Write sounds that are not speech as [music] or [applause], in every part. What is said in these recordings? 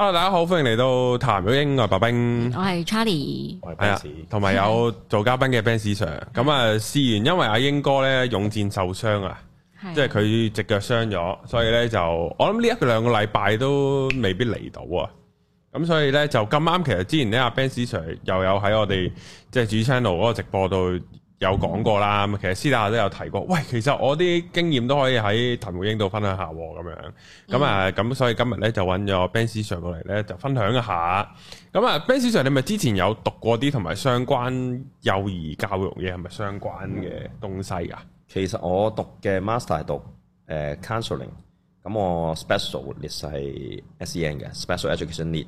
Hello 大家好，歡迎嚟到談育鷹同白兵，我係 Charlie，係啊，同埋有做嘉賓嘅 Benz Sir，咁啊的，事源因為阿英哥咧勇戰受傷啊，的即係佢隻腳傷咗，所以咧就我諗呢一個兩個禮拜都未必嚟到啊，咁所以咧就咁啱，其實之前呢，阿 Benz Sir 又有喺我哋即係主 channel 嗰個直播度。有講過啦，咁其實私底下都有提過，喂，其實我啲經驗都可以喺談育鷹度分享下咁、啊、樣，咁、嗯、啊，咁所以今日咧就揾咗 Benz Sir 過嚟咧就分享一下，咁啊，Benz Sir 你咪之前有讀過啲同埋相關幼兒教育嘢係咪相關嘅東西啊？其實我讀嘅 master 係讀誒、呃、counseling，l 咁我 special list 係 SEN 嘅 special education need，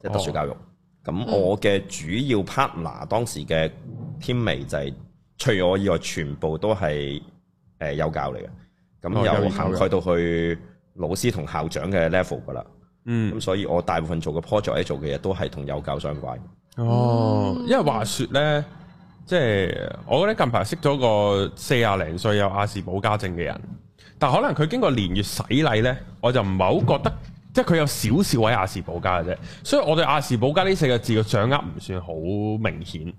即係特殊教育，咁、哦、我嘅主要 partner、嗯、當時嘅 teammate 就係、是。除我以外，全部都係誒幼教嚟嘅，咁、嗯哦、有行開到去老師同校長嘅 level 噶啦。嗯，咁所以我大部分做嘅 project 做嘅嘢都係同幼教相關。哦，因為話說咧，即係我覺得近排識咗個四十零歲有亞氏保加症嘅人，但可能佢經過年月洗禮咧，我就唔係好覺得，即係佢有少少位亞氏保加嘅啫。所以我對亞氏保加呢四個字嘅掌握唔算好明顯。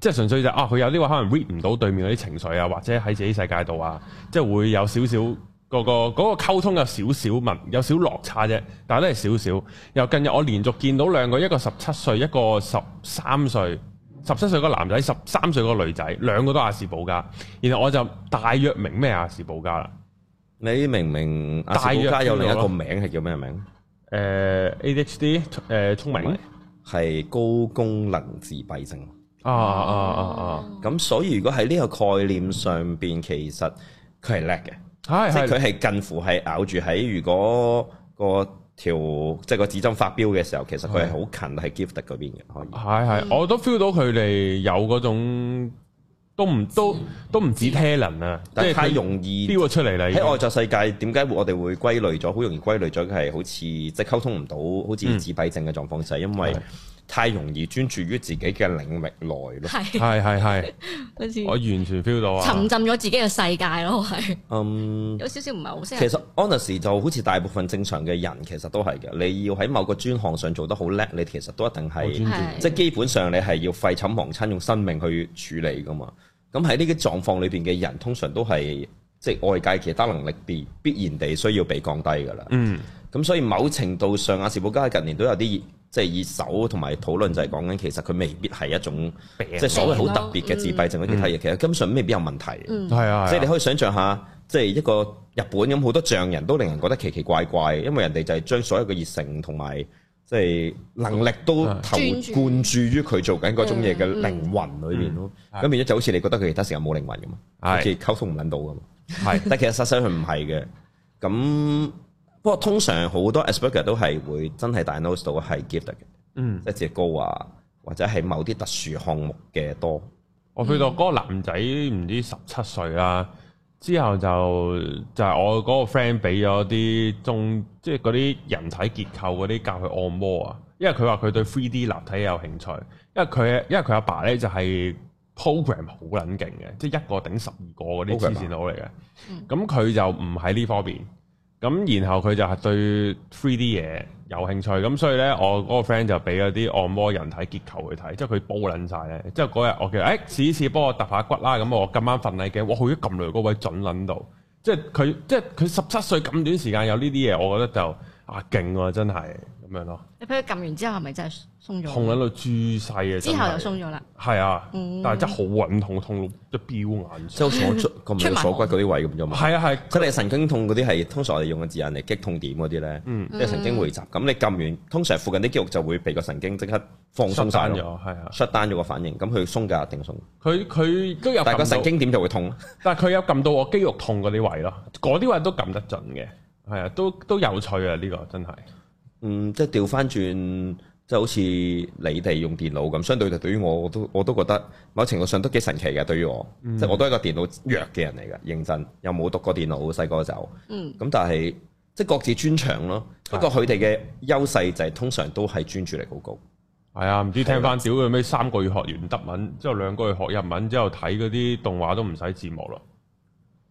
即係純粹就係、啊，佢有呢個可能 read 唔到對面嗰啲情緒啊，或者喺自己世界度啊，即係會有少少嗰個嗰、嗰個溝通嘅少少問，有少少落差啫，但係都係少少。又近日我連續見到兩個，一個十七歲，一個十三歲。十七歲個男仔，十三歲個女仔，兩個都亞氏保加。然後我就大約明咩亞氏保加啦。你明唔明亞氏保加有另一個名係叫咩名？誒、呃、ADHD 誒、呃、聰明係高功能自閉症。啊啊啊啊！咁、啊啊、所以如果喺呢個概念上邊，其實佢係叻嘅，即係佢係近乎係咬住喺如果嗰條即係、就是、個指針發飆嘅時候，其實佢係好近係 Gifted 嗰邊嘅。係係，我都 feel 到佢哋有嗰種，都唔都都唔止 talent 啊、嗯，但係太容易飆咗出嚟啦。喺外在世界，點解我哋會歸類咗？好容易歸類咗，佢係好似即係溝通唔到，好似自閉症嘅狀況，嗯、就係因為。太容易專注於自己嘅領域內咯，係係係， [laughs] 我完全 feel 到啊！沉浸咗自己嘅世界咯，係，嗯，um，有少少唔係好識。其實 o n u 就好似大部分正常嘅人，其實都係嘅。你要喺某個專項上做得好叻，你其實都一定係，是即係基本上你係要廢寢忘餐，用生命去處理噶嘛。咁喺呢啲狀況裏邊嘅人，通常都係即係外界其他能力啲必然地需要被降低噶啦。嗯，咁所以某程度上，亞氏保加喺近年都有啲。即係以手同埋討論，就係講緊其實佢未必係一種，即係所謂好特別嘅自閉症嗰啲，其他嘢其實根本上未必有問題。係啊，即係你可以想象下，即係一個日本咁，好多匠人都令人覺得奇奇怪怪，因為人哋就係將所有嘅熱誠同埋即係能力都投灌注於佢做緊嗰種嘢嘅靈魂裏邊咯。咁變咗就好似你覺得佢其他時間冇靈魂咁啊，即係溝通唔撚到啊。係，但其實實際佢唔係嘅。咁不過通常好多 Asperger 都係會真係 diagnose 到係 gifted 嘅，嗯、即係高啊，或者係某啲特殊項目嘅多。我去到嗰個男仔唔知十七歲啦、啊，之後就就係、是、我嗰個 friend 俾咗啲中，即係嗰啲人體結構嗰啲教佢按摩啊，因為佢話佢對 three D 立體有興趣，因為佢因為佢阿爸咧就係 program 好撚勁嘅，即、就、係、是、一個頂十二個嗰啲黐線佬嚟嘅，咁佢、嗯、就唔喺呢方面。咁然後佢就係對 3D 嘢有興趣，咁所以呢，我嗰個 friend 就俾咗啲按摩人體結構去睇，即係佢煲撚晒呢。即係嗰日我叫佢，誒試一試幫我揼下骨啦，咁我今晚瞓喺嘅，我好咗撳落嗰位準撚度，即係佢即係佢十七歲咁短時間有呢啲嘢，我覺得就～啊，勁喎、啊！真係咁樣咯。你俾佢撳完之後是是，係咪、啊、真係鬆咗？痛喺度痠晒嘅。之後又鬆咗啦。係啊，嗯、但係真係好韞痛，痛，痛到一飆眼。即係、嗯、好似我出個鎖骨嗰啲位咁啫嘛。係啊係。佢哋神經痛嗰啲係通常我哋用嘅字眼嚟激痛點嗰啲咧，即係、嗯、神經匯集。咁你撳完，通常附近啲肌肉就會被個神經即刻放鬆曬咯。係啊。s h 咗個反應，咁佢鬆㗎定鬆？佢佢都有。但係個神經點就會痛。但係佢有撳到我肌肉痛嗰啲位咯，嗰啲位都撳得準嘅。係啊，都都有趣啊！呢個真係，嗯，即係調翻轉，即係好似你哋用電腦咁，相對對於我，我都我都覺得，某程度上都幾神奇嘅。對於我，嗯、即係我都係個電腦弱嘅人嚟㗎，認真又冇讀過電腦，細個就，咁、嗯嗯、但係即係各自專長咯。不過佢哋嘅優勢就係、是、通常都係專注力好高。係啊，唔知的聽翻少佢咩？三個月學完德文，之後兩個月學日文，之後睇嗰啲動畫都唔使字幕咯。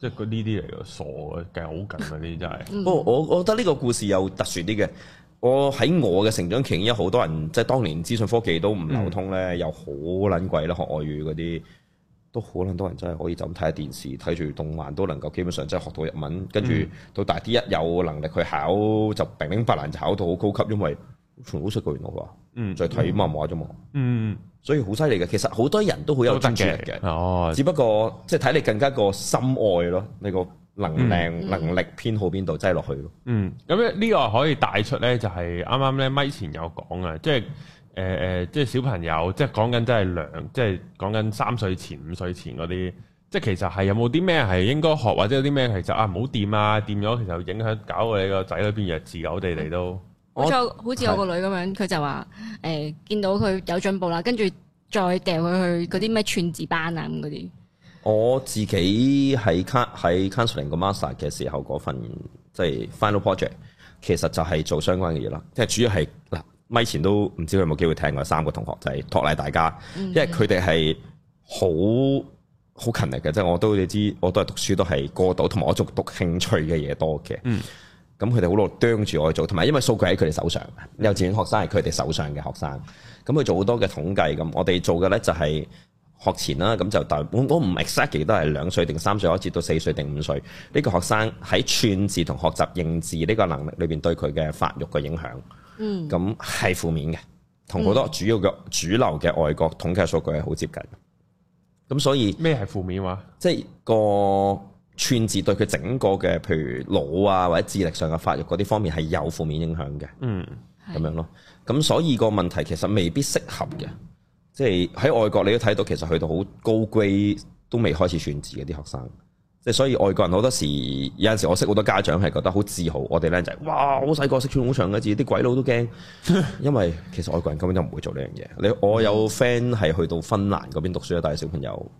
即係佢呢啲嚟嘅傻嘅，計好啊。呢啲真係。不過我覺得呢個故事又特殊啲嘅。我喺我嘅成長期，因為好多人即係當年資訊科技都唔流通咧，嗯、又好撚貴啦。學外語嗰啲都好撚多人，真係可以就咁睇下電視，睇住動漫，都能夠基本上真係學到日文。跟住、嗯、到大啲一有能力去考，就明明百難就考到好高級，因為。全部出句原㗎，嗯，再睇漫畫啫嘛，嗯，所以好犀利嘅，其實好多人都好有專注力嘅，哦，只不過即係睇你更加個心愛咯，你個能量、嗯、能力偏好邊度擠落去咯，嗯，咁呢個可以帶出咧，就係啱啱咧，咪前有講啊，即係誒誒，即係小朋友，即係講緊真係兩，即係講緊三歲前、五歲前嗰啲，即、就、係、是、其實係有冇啲咩係應該學，或者有啲咩其實啊唔好掂啊，掂咗其實影響搞到你個仔變弱智啊，我哋嚟都。嗯好似我個女咁樣，佢我就話：誒、欸、見到佢有進步啦，跟住再掉佢去嗰啲咩串字班啊咁啲。我自己喺卡喺 counseling 個 master 嘅時候，嗰份即係、就是、final project，其實就係做相關嘅嘢啦。即係主要係嗱，咪前都唔知佢有冇機會聽過三個同學就係托賴大家，因為佢哋係好好勤力嘅。即係我都你知，我都係讀書都係過到，同埋我仲讀興趣嘅嘢多嘅。嗯咁佢哋好耐啄住我去做，同埋因為數據喺佢哋手上，幼稚園學生係佢哋手上嘅學生，咁佢做好多嘅統計。咁我哋做嘅呢就係學前啦，咁就大本我唔 exactly 都係兩歲定三歲開始到四歲定五歲呢、呢個學生喺串字同學習認字呢個能力裏邊對佢嘅發育嘅影響，嗯，咁係負面嘅，同好多主要嘅主流嘅外國統計數據係好接近。咁所以咩係負面話？即係、嗰個。串字對佢整個嘅，譬如腦啊或者智力上嘅發育嗰啲方面係有負面影響嘅，嗯，咁樣咯。咁是的 所以個問題其實未必適合嘅，嗯、即係喺外國你都睇到，其實去到好高階都未開始串字嘅啲學生，即係所以外國人好多時有陣時，我識好多家長係覺得好自豪，我哋呢就係，哇！好細個識串好長嘅字，啲鬼佬都驚。 [laughs] 因為其實外國人根本就唔會做呢樣嘢。你我有 friend 係去到芬蘭嗰邊讀書啊，帶小朋友。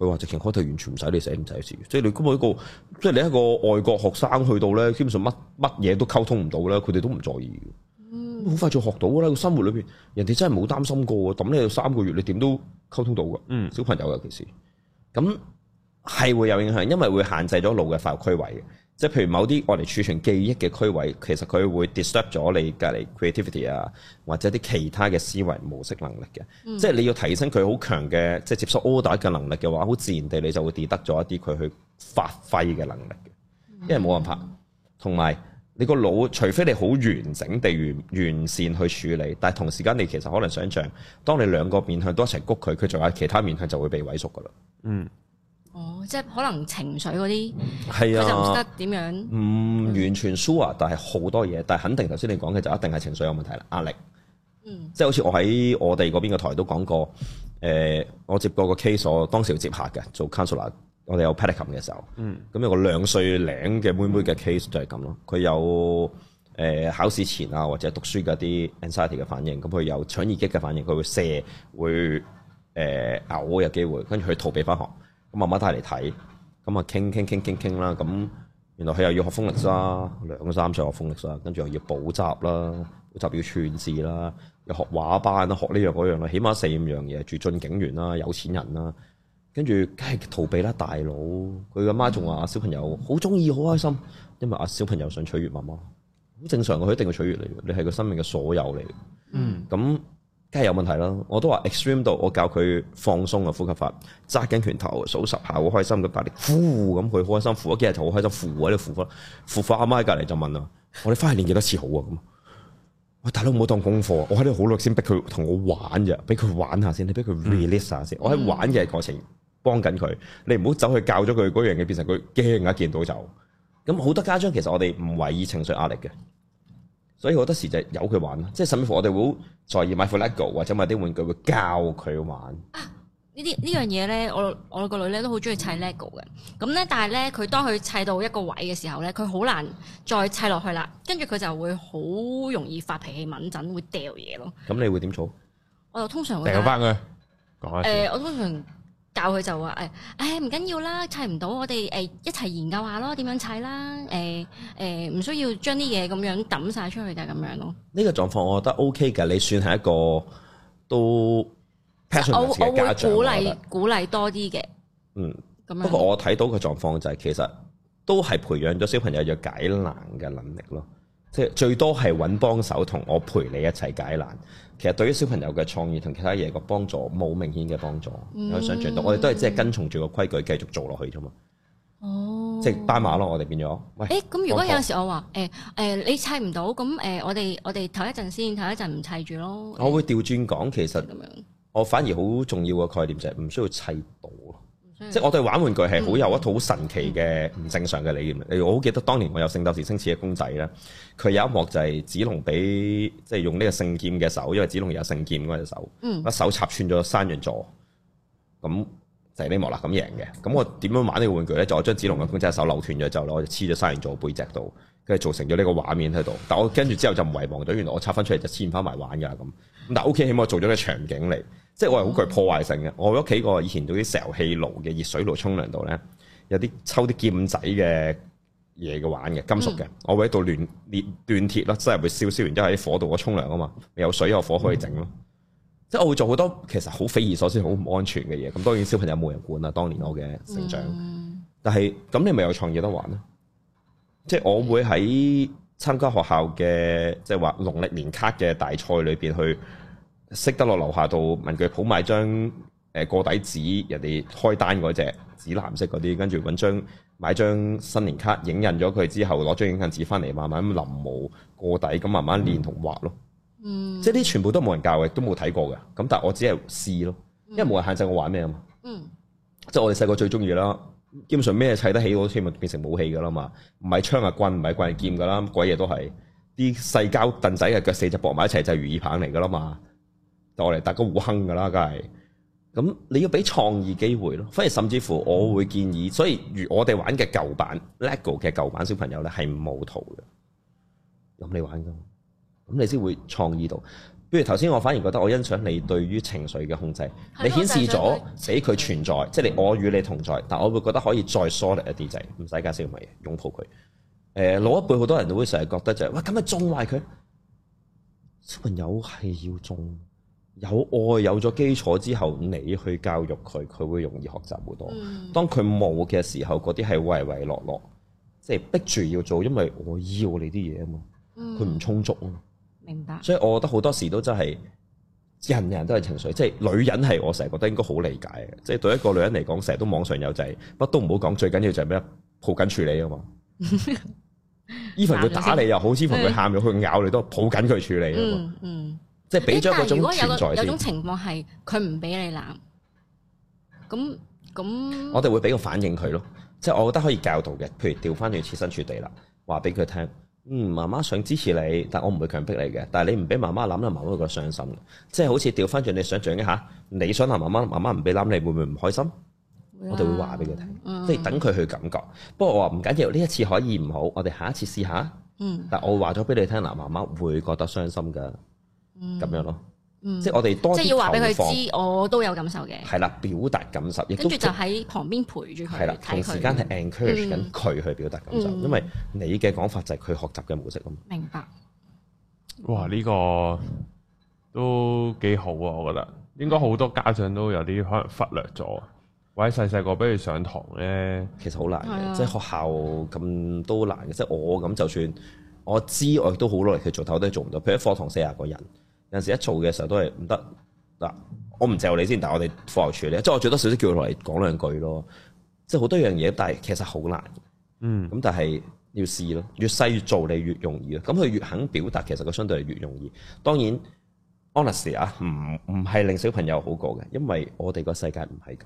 佢話直情開頭完全唔使你寫唔使事，即係你咁一個，即係你一個外國學生去到咧，基本上乜乜嘢都溝通唔到啦，佢哋都唔在意嘅，好快就學到啦。個生活裏邊，人哋真係冇擔心過啊！抌你三個月，你點都溝通到嘅，小朋友尤其是，咁係會有影響，因為會限制咗腦嘅發育區位嘅。即係譬如某啲我哋儲存記憶嘅區位，其實佢會 disturb 咗你隔離 creativity 啊，或者啲其他嘅思維模式能力嘅。嗯、即係你要提升佢好強嘅，即係接收 order 嘅能力嘅話，好自然地你就會跌得咗一啲佢去發揮嘅能力，因為冇辦法。同埋你個腦，除非你好完整地完完善去處理，但係同時間你其實可能想象，當你兩個面向都一齊谷佢，佢仲有其他面向就會被萎縮噶啦。嗯。即係可能情緒嗰啲，佢、啊、就唔識得點樣。唔、嗯、完全 sure 但係好多嘢。但係肯定頭先你講嘅就一定係情緒有問題啦，壓力。嗯，即係好似我喺我哋嗰邊嘅台都講過。誒、呃，我接過個 case，我當時要接客嘅，做 counselor，我哋有 practicum 嘅時候。嗯。咁有個兩歲零嘅妹妹嘅 case 就係咁咯。佢有誒考試前啊或者讀書嗰啲 anxiety 嘅反應。咁佢有腸易激嘅反應，佢會射，會誒、呃呃、嘔有機會，跟住佢逃避返學。咁媽媽帶嚟睇，咁啊傾傾傾傾傾啦，咁原來佢又要學風力啦，兩三歲學風力沙，跟住又要補習啦，補習要串字啦，又學畫班啦，學呢樣嗰樣啦，起碼四五樣嘢，住進景園啦，有錢人啦，跟住梗係逃避啦，大佬！佢嘅媽仲話：小朋友好中意，好開心，因為阿小朋友想取悅媽媽，好正常嘅，佢一定要取悅你，你係佢生命嘅所有嚟嘅，嗯，咁。梗係有問題啦！我都話 extreme 到，我教佢放鬆嘅呼吸法，揸緊拳頭數十下，好開心嘅，大力呼咁，佢好開心呼咗幾日頭，好開心呼喺度呼呼，呼呼，阿媽喺隔離就問啦： [laughs] 我哋翻去練幾多次好啊？咁喂大佬唔好當功課，我喺度好耐先逼佢同我玩啫，俾佢玩下先，你俾佢 release 下先。嗯、我喺玩嘅過程幫緊佢，你唔好走去教咗佢嗰樣嘢，變成佢驚人家見到。就咁，好多家長其實我哋唔為意情緒壓力嘅。所以好多時就由佢玩咯，即係甚至乎我哋會在意買副 Lego 或者買啲玩具，會教佢玩。啊，呢啲呢樣嘢咧，我我個女咧都好中意砌 Lego 嘅。咁咧，但係咧，佢當佢砌到一個位嘅時候咧，佢好難再砌落去啦。跟住佢就會好容易發脾氣、敏癥，會掉嘢咯。咁你會點做？我就通常會，掉翻佢。講下、欸、我通常。教佢就話，誒誒唔緊要啦，砌唔到，我哋誒一齊研究下咯，點樣砌啦。誒誒唔需要將啲嘢咁樣抌晒出去，就係咁樣咯。呢個狀況我覺得 OK 嘅，你算係一個都，我我會鼓勵鼓勵多啲嘅。嗯，咁樣。不過我睇到個狀況就係其實都係培養咗小朋友要解難嘅能力咯，即係最多係揾幫手同我陪你一齊解難。其實對於小朋友嘅創意同其他嘢個幫助，冇明顯嘅幫助，我想象到我哋都係即係跟從住個規矩繼續做落去啫嘛。哦，即係斑馬咯，我哋變咗。喂，誒咁如果有時我話誒誒你砌唔到，咁誒我哋我哋頭一陣先，頭一陣唔砌住咯。我會調轉講，其實我反而好重要嘅概念就係唔需要砌到。即係我哋玩玩具係好有一套好神奇嘅唔正常嘅理念。嗯、我好記得當年我有聖鬥士星矢嘅公仔啦，佢有一幕就係子龍俾即係用呢個聖劍嘅手，因為子龍有聖劍嗰隻手，一手插穿咗山羊座，咁就係呢幕啦。咁贏嘅，咁我點樣玩呢個玩具咧？就我將子龍嘅公仔手扭斷咗之後，我就黐咗山羊座背脊度，跟住做成咗呢個畫面喺度。但我跟住之後就唔遺忘咗，原來我插翻出嚟就黐翻埋玩㗎啦。咁，但 OK，起碼做咗個場景嚟。即係我係好具破壞性嘅，我屋企個以前嗰啲石油氣爐嘅熱水爐沖涼度咧，有啲抽啲劍仔嘅嘢嘅玩嘅金屬嘅，我會喺度亂裂斷鐵咯，即係會燒燒完之後喺火度我沖涼啊嘛，咪有水有火可以整咯。嗯、即係我會做好多其實好匪夷所思、好唔安全嘅嘢。咁當然小朋友冇人管啦，當年我嘅成長。嗯、但係咁你咪有創意得玩咯？嗯、即係我會喺參加學校嘅即係話農曆年卡嘅大賽裏邊去。識得落樓下度文具鋪買張誒過底紙，人哋開單嗰隻紫藍色嗰啲，跟住揾張買張新年卡，影印咗佢之後攞張影印紙翻嚟，慢慢咁臨摹過底，咁慢慢練同畫咯。嗯，即係啲全部都冇人教嘅，都冇睇過嘅。咁但係我只係試咯，因為冇人限制我玩咩啊嘛。嗯，即係我哋細個最中意啦。基本上咩砌得起，我先咪變成武器㗎啦嘛。唔係槍係棍，唔係棍係劍㗎啦，嗯、鬼嘢都係。啲細膠凳仔嘅腳四隻搏埋一齊就係、是、如意棒嚟㗎啦嘛。我嚟搭個護坑噶啦，梗係咁你要俾創意機會咯，反而甚至乎我會建議，所以如我哋玩嘅舊版 LEGO 嘅舊版小朋友咧係冇圖嘅，咁你玩噶，咁你先會創意到。譬如頭先我反而覺得我欣賞你對於情緒嘅控制，的你顯示咗俾佢存在，即係的我與你同在。但我會覺得可以再 solid 一啲仔，唔使加少乜嘢，擁抱佢。誒、呃，老一輩好多人都會成日覺得就係，哇，咁咪撞壞佢？小朋友係要撞。有愛有咗基礎之後，你去教育佢，佢會容易學習好多。嗯、當佢冇嘅時候，嗰啲係唯唯諾諾，即係逼住要做，因為我要你啲嘢啊嘛。佢唔、嗯、充足啊，明白。所以我覺得好多時都真係人人都係情緒，即、就、係、是、女人係我成日覺得應該好理解嘅，即、就、係、是、對一個女人嚟講，成日都網上有仔乜都唔好講，最緊要就係咩抱緊處理啊嘛。even 佢 [laughs] 打你又好，even 佢喊你去咬你都抱緊佢處理啊嘛。嗯嗯。即係俾咗嗰種存在。有,有種情況係佢唔俾你攬，咁咁。我哋會俾個反應佢咯，即係我覺得可以教導嘅。譬如調翻去設身處地啦，話俾佢聽。嗯，媽媽想支持你，但我唔會強迫你嘅。但係你唔俾媽媽諗咧，媽媽會覺得傷心。即係好似調翻轉，你想象一下，你想問媽媽，媽媽唔俾諗，你會唔會唔開心？啦我哋會話俾佢聽，嗯、即係等佢去感覺。不過我話唔緊要，呢一次可以唔好，我哋下一次試下。但我話咗俾你聽啦，媽媽會覺得傷心噶。咁樣咯，即係我哋多啲，即係要話俾佢知，我都有感受嘅。係啦，表達感受，跟住就喺旁邊陪住佢，係啦，同時間係 encourage 緊佢去表達感受，因為你嘅講法就係佢學習嘅模式啊嘛。明白。哇，呢個都幾好啊！我覺得，應該好多家長都有啲可能忽略咗。或者細細個俾佢上堂咧，其實好難嘅，即係學校咁都難嘅。即係我咁，就算我知，我亦都好努力去做，但係都做唔到。譬如喺課堂四十個人。有陣時一做嘅時候都係唔得嗱，我唔借你先，但係我哋課後處理，即係我最多少少叫佢落嚟講兩句咯。即係好多樣嘢，但係其實好難，嗯。咁但係要試咯，越細越做你越容易啊。咁佢越肯表達，其實佢相對係越容易。當然，安立時啊，唔唔係令小朋友好過嘅，因為我哋個世界唔係咁。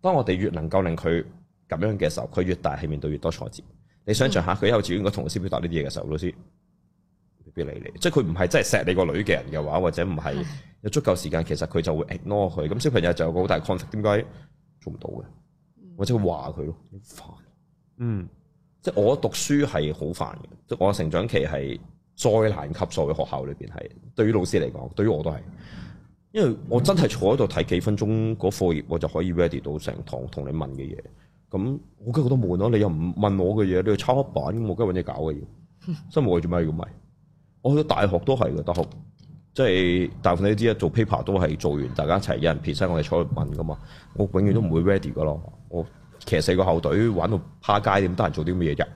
當我哋越能夠令佢咁樣嘅時候，佢越大係面對越多挫折。你想像下，佢幼稚園嗰陣同老師表達呢啲嘢嘅時候，老師，別理你，即係佢唔係真係錫你個女嘅人嘅話，或者唔係有足夠時間，其實佢就會 ignore 佢。咁小朋友就有個好大 c o n f l i t 點解做唔到嘅？或者佢話佢咯，煩。嗯，即係我讀書係好煩嘅，即係我成長期係災難級數嘅學校裏邊係。對於老師嚟講，對於我都係，因為我真係坐喺度睇幾分鐘嗰課業，我就可以 ready 到成堂同你問嘅嘢。咁我梗覺得我悶咯，你又唔問我嘅嘢，你又抄黑板，我梗家揾嘢搞嘅嘢。所以我做咩要咪？ [laughs] 我去到大學都係嘅，大學即係大部分都知啦，做 paper 都係做完，大家一齊有人 present，我哋坐去問噶嘛。 [music] 我永遠都唔會 ready 嘅咯。我騎四個後隊玩到趴街，點得閒做啲咩嘢啫。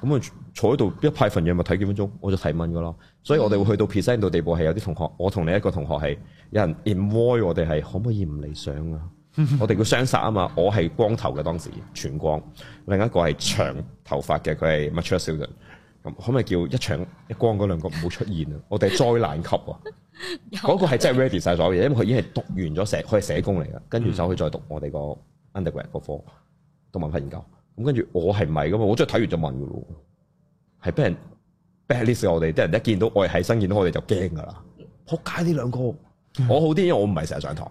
咁啊坐喺度一派份嘢咪睇幾分鐘，我就提問嘅咯。所以我哋會去到 present 到地步係有啲同學，我同另一個同學係有人 invite 我哋係可唔可以唔理想啊？ [laughs] 我哋叫雙殺啊嘛。我係光頭嘅當時，全光。另一個係長頭髮嘅，佢係 mature student。可唔可以叫一場一光嗰兩個唔好出現啊？我哋係災難級，嗰個係真係 ready 晒所有嘢！因為佢已經係讀完咗社，佢係社工嚟噶，跟住就去再讀我哋個 undergraduate 個科，讀文化研究。咁跟住我係唔係噶嘛？我即係睇完就問噶咯，係俾人 blacklist 我哋啲人一見到我喺新見到我哋就驚噶啦。仆街呢兩個，我好啲因為我唔係成日上堂，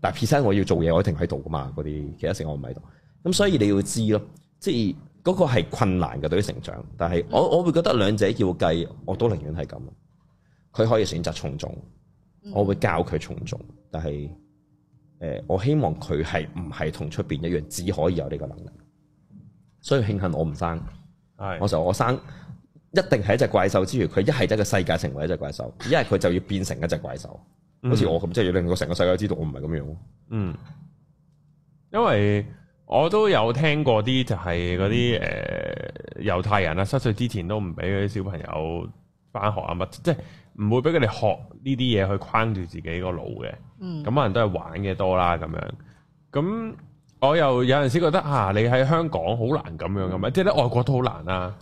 但係 present 我要做嘢，我一定喺度噶嘛。嗰啲其他時我唔喺度，咁所以你要知咯，即係。嗰個係困難嘅對於成長，但係我我會覺得兩者要計，我都寧願係咁。佢可以選擇從眾，我會教佢從眾。但係誒、呃，我希望佢係唔係同出邊一樣，只可以有呢個能力。所以慶幸我唔生，是我就我生一定係一隻怪獸之餘，佢一係整個世界成為一隻怪獸，一係佢就要變成一隻怪獸。好似、嗯、我咁，即、就、係、要令到成個世界知道我唔係咁樣。嗯，因為。我都有聽過啲就係嗰啲誒猶太人啦，七歲之前都唔俾嗰啲小朋友翻學啊，乜即係唔會俾佢哋學呢啲嘢去框住自己個腦嘅。嗯，咁可能都係玩嘅多啦咁樣。咁我又有陣時覺得啊，你喺香港好難咁樣咁樣，嗯、即係咧外國都好難啦、啊，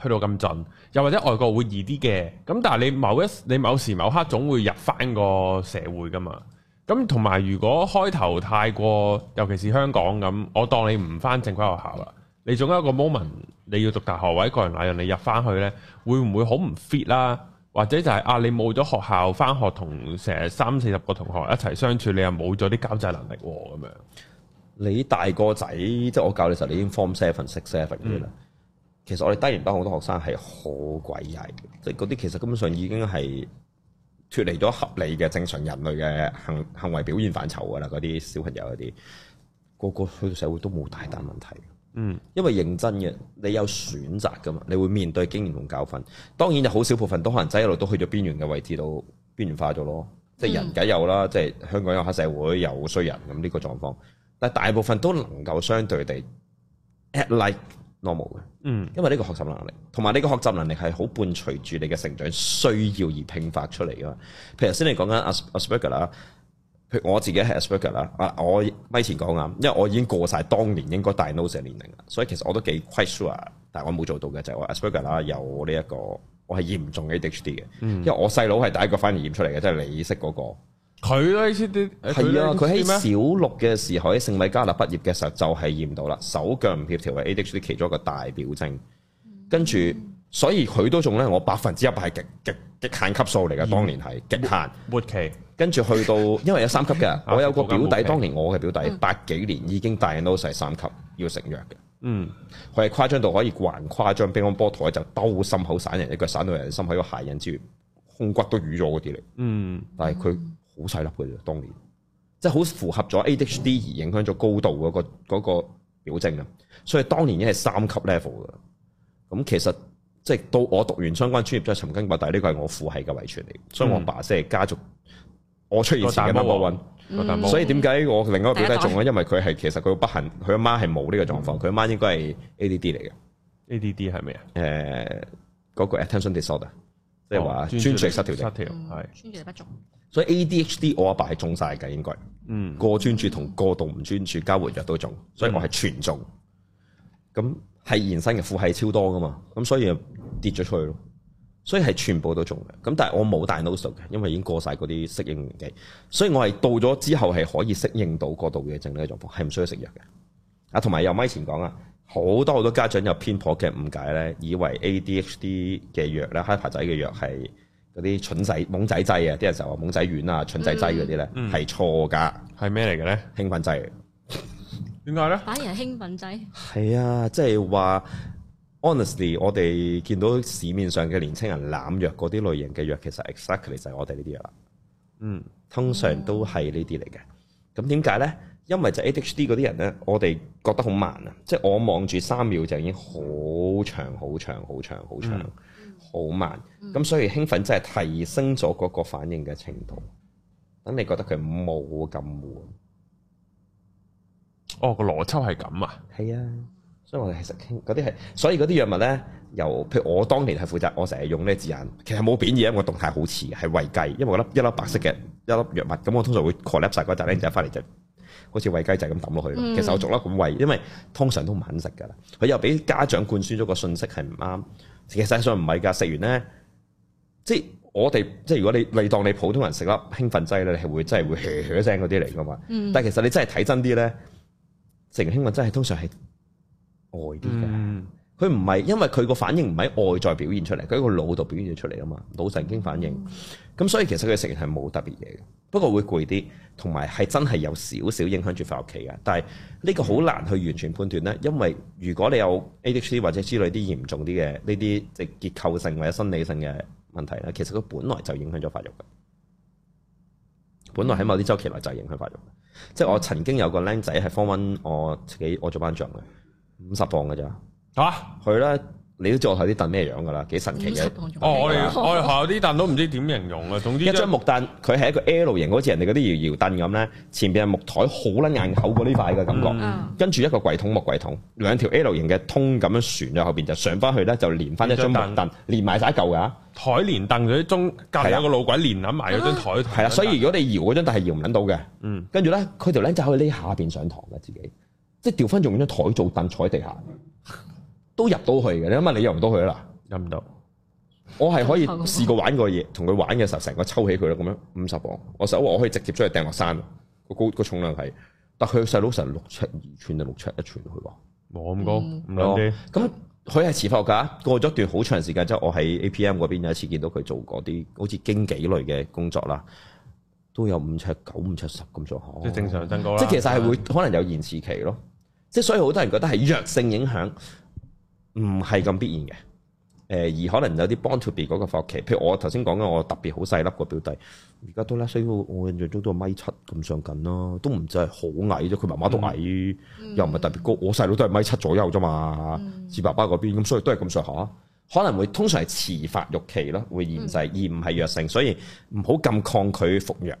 去到咁盡，又或者外國會易啲嘅。咁但係你某一你某時某刻總會入翻個社會噶嘛。咁同埋，如果開頭太過，尤其是香港咁，我當你唔翻正規學校啦，你仲有一個 moment 你要讀大學或者個人埋人，你入翻去呢，會唔會好唔 fit 啦？或者就係、是、啊，你冇咗學校翻學同成日三四十個同學一齊相處，你又冇咗啲交際能力咁、啊、樣。你大個仔，即係我教你時候，你已經 form seven six seven 嗰啲啦。其實我哋低年班好多學生係好鬼曳，即係嗰啲其實根本上已經係。脫離咗合理嘅正常人類嘅行行為表現範疇噶啦，嗰啲小朋友嗰啲，個個去到社會都冇太大問題。嗯，因為認真嘅，你有選擇噶嘛，你會面對經驗同教訓。當然有好少部分都可能仔一路都去咗邊緣嘅位置都，邊緣化咗咯。即係人梗有啦，即係香港有黑社會有衰人咁呢個狀況，但係大部分都能夠相對地 like。Normal 嘅，嗯，因為呢個學習能力，同埋呢個學習能力係好伴隨住你嘅成長需要而拼發出嚟噶嘛。譬如先你講緊 Asperger 啦，譬如我自己係 Asperger 啦，啊，我咪以前講啱，因為我已經過晒當年應該 diagnose 嘅年齡啦，所以其實我都幾 quite sure，但係我冇做到嘅就係、是 As 這個、我 Asperger 啦，有呢一個我係嚴重 ADHD 嘅，因為我細佬係第一個反而驗出嚟嘅，即、就、係、是、你識嗰、那個。佢咧先啲，係啊！佢喺小六嘅時候，喺聖米迦勒畢業嘅時候就係驗到啦，手腳唔協調係 ADHD 啲其中一個大表徵。跟住，所以佢都仲咧，我百分之一百係極極極限級數嚟嘅，當年係極限末期。跟住去到，因為有三級嘅， [laughs] 我有個表弟，其當年我嘅表弟八幾年已經 diagnose 咗三級，要食藥嘅。嗯，佢係誇張到可以還誇張，乒乓波台就兜心口散人，一腳散到人心口一個鞋印之餘，胸骨都瘀咗嗰啲嚟。嗯，但係佢。好細粒嘅啫，當年即係好符合咗 A D H D 而影響咗高度嗰個個表徵啦。所以當年已經係三級 level 噶啦。咁其實即係到我讀完相關專業都係尋根問底，呢個係我父系嘅遺傳嚟。所以我爸先係家族我出現前、no. 1，嗯。我打波所以點解我另一個表弟仲咧？因為佢係，其實佢不幸，佢阿媽係冇呢個狀況，佢阿媽應該係 A D D 嚟嘅。A D D 係咩？啊？誒，嗰個 attention disorder，即係話、哦、專注失調，係專注力不足。嗯。所以 ADHD 我阿爸係中晒㗎應該，嗯，過專注同過度唔專注交換藥都中，所以我係全中。咁係延伸嘅負氣超多噶嘛，咁所以跌咗出去咯。所以係全部都中嘅，咁但係我冇大 no 嘅，因為已經過晒嗰啲適應年紀，所以我係到咗之後係可以適應到過度嘅症嘅狀況，係唔需要食藥嘅。啊，同埋又咪以前講啊，好多好多家長有偏頗嘅誤解咧，以為 ADHD 嘅藥咧，黑牌仔嘅藥係。嗰啲蠢仔懵仔劑啊，啲人就話懵仔丸啊、蠢仔劑嗰啲咧，係、嗯、錯噶。係咩嚟嘅咧？興奮劑？興奮劑。點解咧？反而係興奮劑。係啊，即係話，honestly，我哋見到市面上嘅年青人濫藥嗰啲類型嘅藥，其實 exactly 就係我哋呢啲藥啦。嗯，通常都係呢啲嚟嘅。咁點解咧？因為就 ADHD 嗰啲人咧，我哋覺得好慢啊，即、就、係、是、我望住三秒就已經好長、好長、好長、好長。好慢，咁所以興奮真係提升咗嗰個反應嘅程度。等你覺得佢冇咁悶？哦，個邏輯係咁啊！係啊，所以我哋其實傾嗰啲係，所以嗰啲藥物咧，由譬如我當年係負責，我成日用呢個字眼，其實冇貶義啊！我動態好似係餵雞，因為我粒一粒白色嘅一粒藥物，咁我通常會 collapse 曬嗰一粒，然之後翻嚟就，就好似餵雞就咁抌落去。嗯、其實我逐粒咁餵，因為通常都唔肯食噶啦。佢又俾家長灌輸咗個信息係唔啱。其實實際上唔係㗎，食完咧，即係我哋即係如果你你當你普通人食粒興奮劑咧，你係會真係會㗎聲嗰啲嚟㗎嘛。但係其實你真係睇真啲咧，食完興奮劑係通常係呆啲㗎。嗯佢唔係，因為佢個反應唔係外在表現出嚟，佢喺個腦度表現出嚟啊嘛，腦神經反應。咁所以其實佢成日係冇特別嘢嘅，不過會攰啲，同埋係真係有少少影響住發育期嘅。但係呢個好難去完全判斷咧，因為如果你有 ADHD 或者之類啲嚴重啲嘅呢啲即係結構性或者生理性嘅問題咧，其實佢本來就影響咗發育嘅。本來喺某啲週期內就係影響發育，即係我曾經有個僆仔係 form one 我自己我做班長嘅，五十磅㗎咋。吓，佢啦、啊！你都知啲凳咩樣噶啦？幾神奇嘅。哦，我哋 [laughs] 我哋學校啲凳都唔知點形容啊！總之一張木凳，佢係一個 L 型，好似人哋嗰啲搖搖凳咁咧。前邊係木台，好捻硬口嗰呢塊嘅感覺。嗯、跟住一個櫃桶木櫃桶，兩條 L 型嘅通咁樣船咗後邊就上翻去咧，就連翻一張木凳，連埋晒一嚿噶。台連凳嗰啲中夾有個老鬼連捻埋嗰張台。係啦的、啊，所以如果你搖嗰張凳係搖唔捻到嘅。嗯。跟住咧，佢條僆仔可以匿下邊上堂嘅自己，即係調翻用張台做凳坐喺地下。嗯都入到去嘅，你諗下你入唔到去啦？入唔到？我係可以試 [laughs] 過玩過嘢，同佢玩嘅時候，成個抽起佢咯，咁樣五十磅，我手我可以直接將佢掟落山，個高個重量係，但佢細佬成六尺二寸定六尺一寸，佢話冇咁高，咁啲咁，佢係遲發噶，過咗段好長時間之後，我喺 A P M 嗰邊有一次見到佢做過啲好似經紀類嘅工作啦，都有五尺九、五尺十咁上下。哦、即係正常身高啦。即係其實係會可能有延遲期咯，即係所以好多人覺得係弱性影響。唔係咁必然嘅，誒、呃、而可能有啲 born to be 嗰個發期，譬如我頭先講緊，我特別好細粒個表弟，而家都粒，所以我印象中都係米七咁上近咯，都唔知係好矮啫，佢媽媽都矮，嗯、又唔係特別高，我細佬都係米七左右咋嘛？至、嗯、爸爸嗰邊咁，所以都係咁上下，可能會通常係遲發育期咯，會延滯，嗯、而唔係弱性，所以唔好咁抗拒服藥，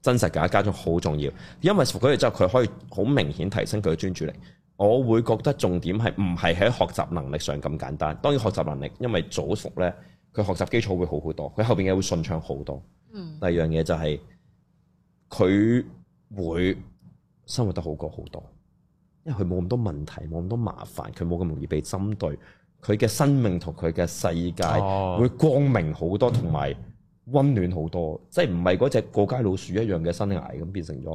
真實嘅家長好重要，因為服咗藥之後佢可以好明顯提升佢嘅專注力。我會覺得重點係唔係喺學習能力上咁簡單。當然學習能力，因為早熟呢，佢學習基礎會好好多，佢後邊嘅會順暢好多。第二、嗯、樣嘢就係、是、佢會生活得好過好多，因為佢冇咁多問題，冇咁多麻煩，佢冇咁容易被針對，佢嘅生命同佢嘅世界會光明好多，同埋温暖好多。嗯、即係唔係嗰隻過街老鼠一樣嘅生涯咁，變成咗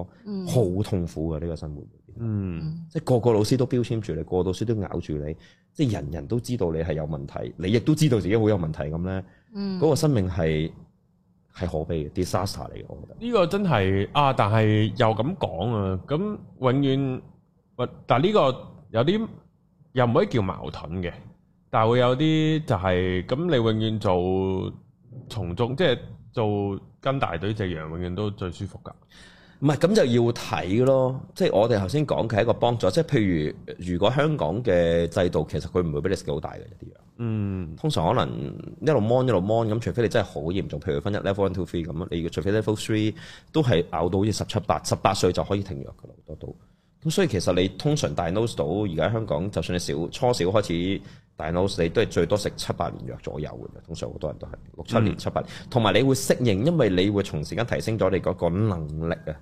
好痛苦嘅呢、這個生活。嗯，即係個個老師都標籤住你，個個老師都咬住你，即係人人都知道你係有問題，你亦都知道自己好有問題咁咧。嗯，嗰個生命係係可悲嘅 disaster 嚟嘅，我覺得。嗯，呢個真係啊，但係又咁講啊，咁永遠或但呢個有啲又唔可以叫矛盾嘅，但係會有啲就係咁，你永遠做從眾，即係做跟大隊隻羊，永遠都最舒服噶。唔係，咁就要睇咯。即係我哋頭先講，佢係一個幫助。即係譬如，如果香港嘅制度其實佢唔會俾你食好大嘅一啲藥。嗯，通常可能一路 mon 一路 mon，咁除非你真係好嚴重。譬如分一 level one two three 咁你要除非 level three 都係咬到好似十七八、十八歲就可以停藥嘅咯，多到。咁所以其實你通常 diagnose 到而家香港，就算你小初小開始。大腦你都係最多食七八年藥左右嘅，通常好多人都係六七年、七八年，同埋你會適應，因為你會從時間提升咗你嗰個能力啊。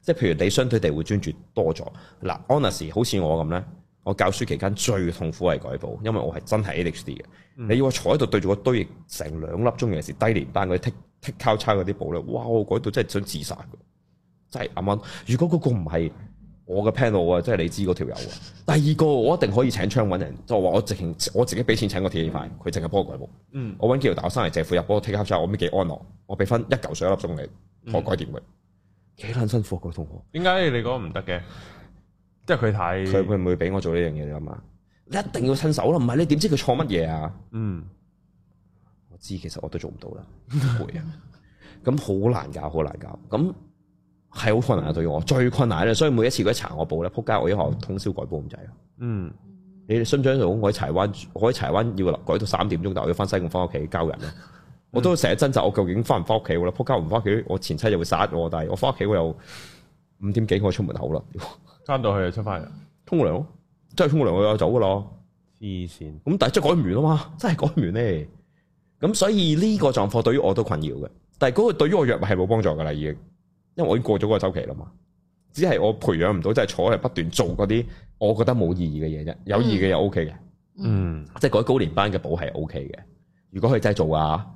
即係譬如你相對地會專注多咗嗱。Onus 好似我咁咧，我教書期間最痛苦係改簿，因為我係真係 ADHD 嘅。你要我坐喺度對住個堆成兩粒鐘嘅時低年班嗰啲剔剔交叉嗰啲簿咧，哇！我改到真係想自殺嘅，真係啱啱。如果嗰個唔係～我嘅 panel 啊，即係你知嗰條友啊。第二個我一定可以請槍揾人，就話我直情我自己俾錢請個鐵塊，佢淨係幫我改。嗯，我搵幾條大學生嚟借褲入，幫我 take 下我咪幾安樂。我俾翻一嚿水一粒鐘你，我改掂佢。幾卵、嗯、辛苦啊個同學？點解你講唔得嘅？即係佢睇佢會唔會俾我做呢樣嘢你諗啊？你一定要親手咯，唔係你點知佢錯乜嘢啊？啊嗯，我知其實我都做唔到啦，攰啊！咁好 [laughs] 難搞，好難搞咁。係好困難啊！對於我最困難咧，所以每一次佢一查我報咧，撲街！我一學通宵改報咁滯。嗯，你哋信唔信，我喺柴灣，我喺柴灣要改到三點鐘，但我要翻西貢翻屋企交人咧。嗯、我都成日掙扎，我究竟翻唔翻屋企啦？撲街唔翻屋企，我前妻就會殺我。但係我翻屋企，我又五點幾我出門口啦。翻、嗯、 [laughs] 到去又出翻嚟，沖個涼，真係沖個涼我就走噶啦。黐線！咁但係真係改唔完啊嘛，真係改唔完咧、啊。咁所以呢個狀況對於我都困擾嘅，但係嗰個對於我藥物係冇幫助噶啦，已經。因為我已經過咗個周期啦嘛，只係我培養唔到，即係坐喺度不斷做嗰啲我覺得冇意義嘅嘢啫。嗯、有意義嘅又 O K 嘅，嗯，即係改高年班嘅簿係 O K 嘅。如果佢真係做啊，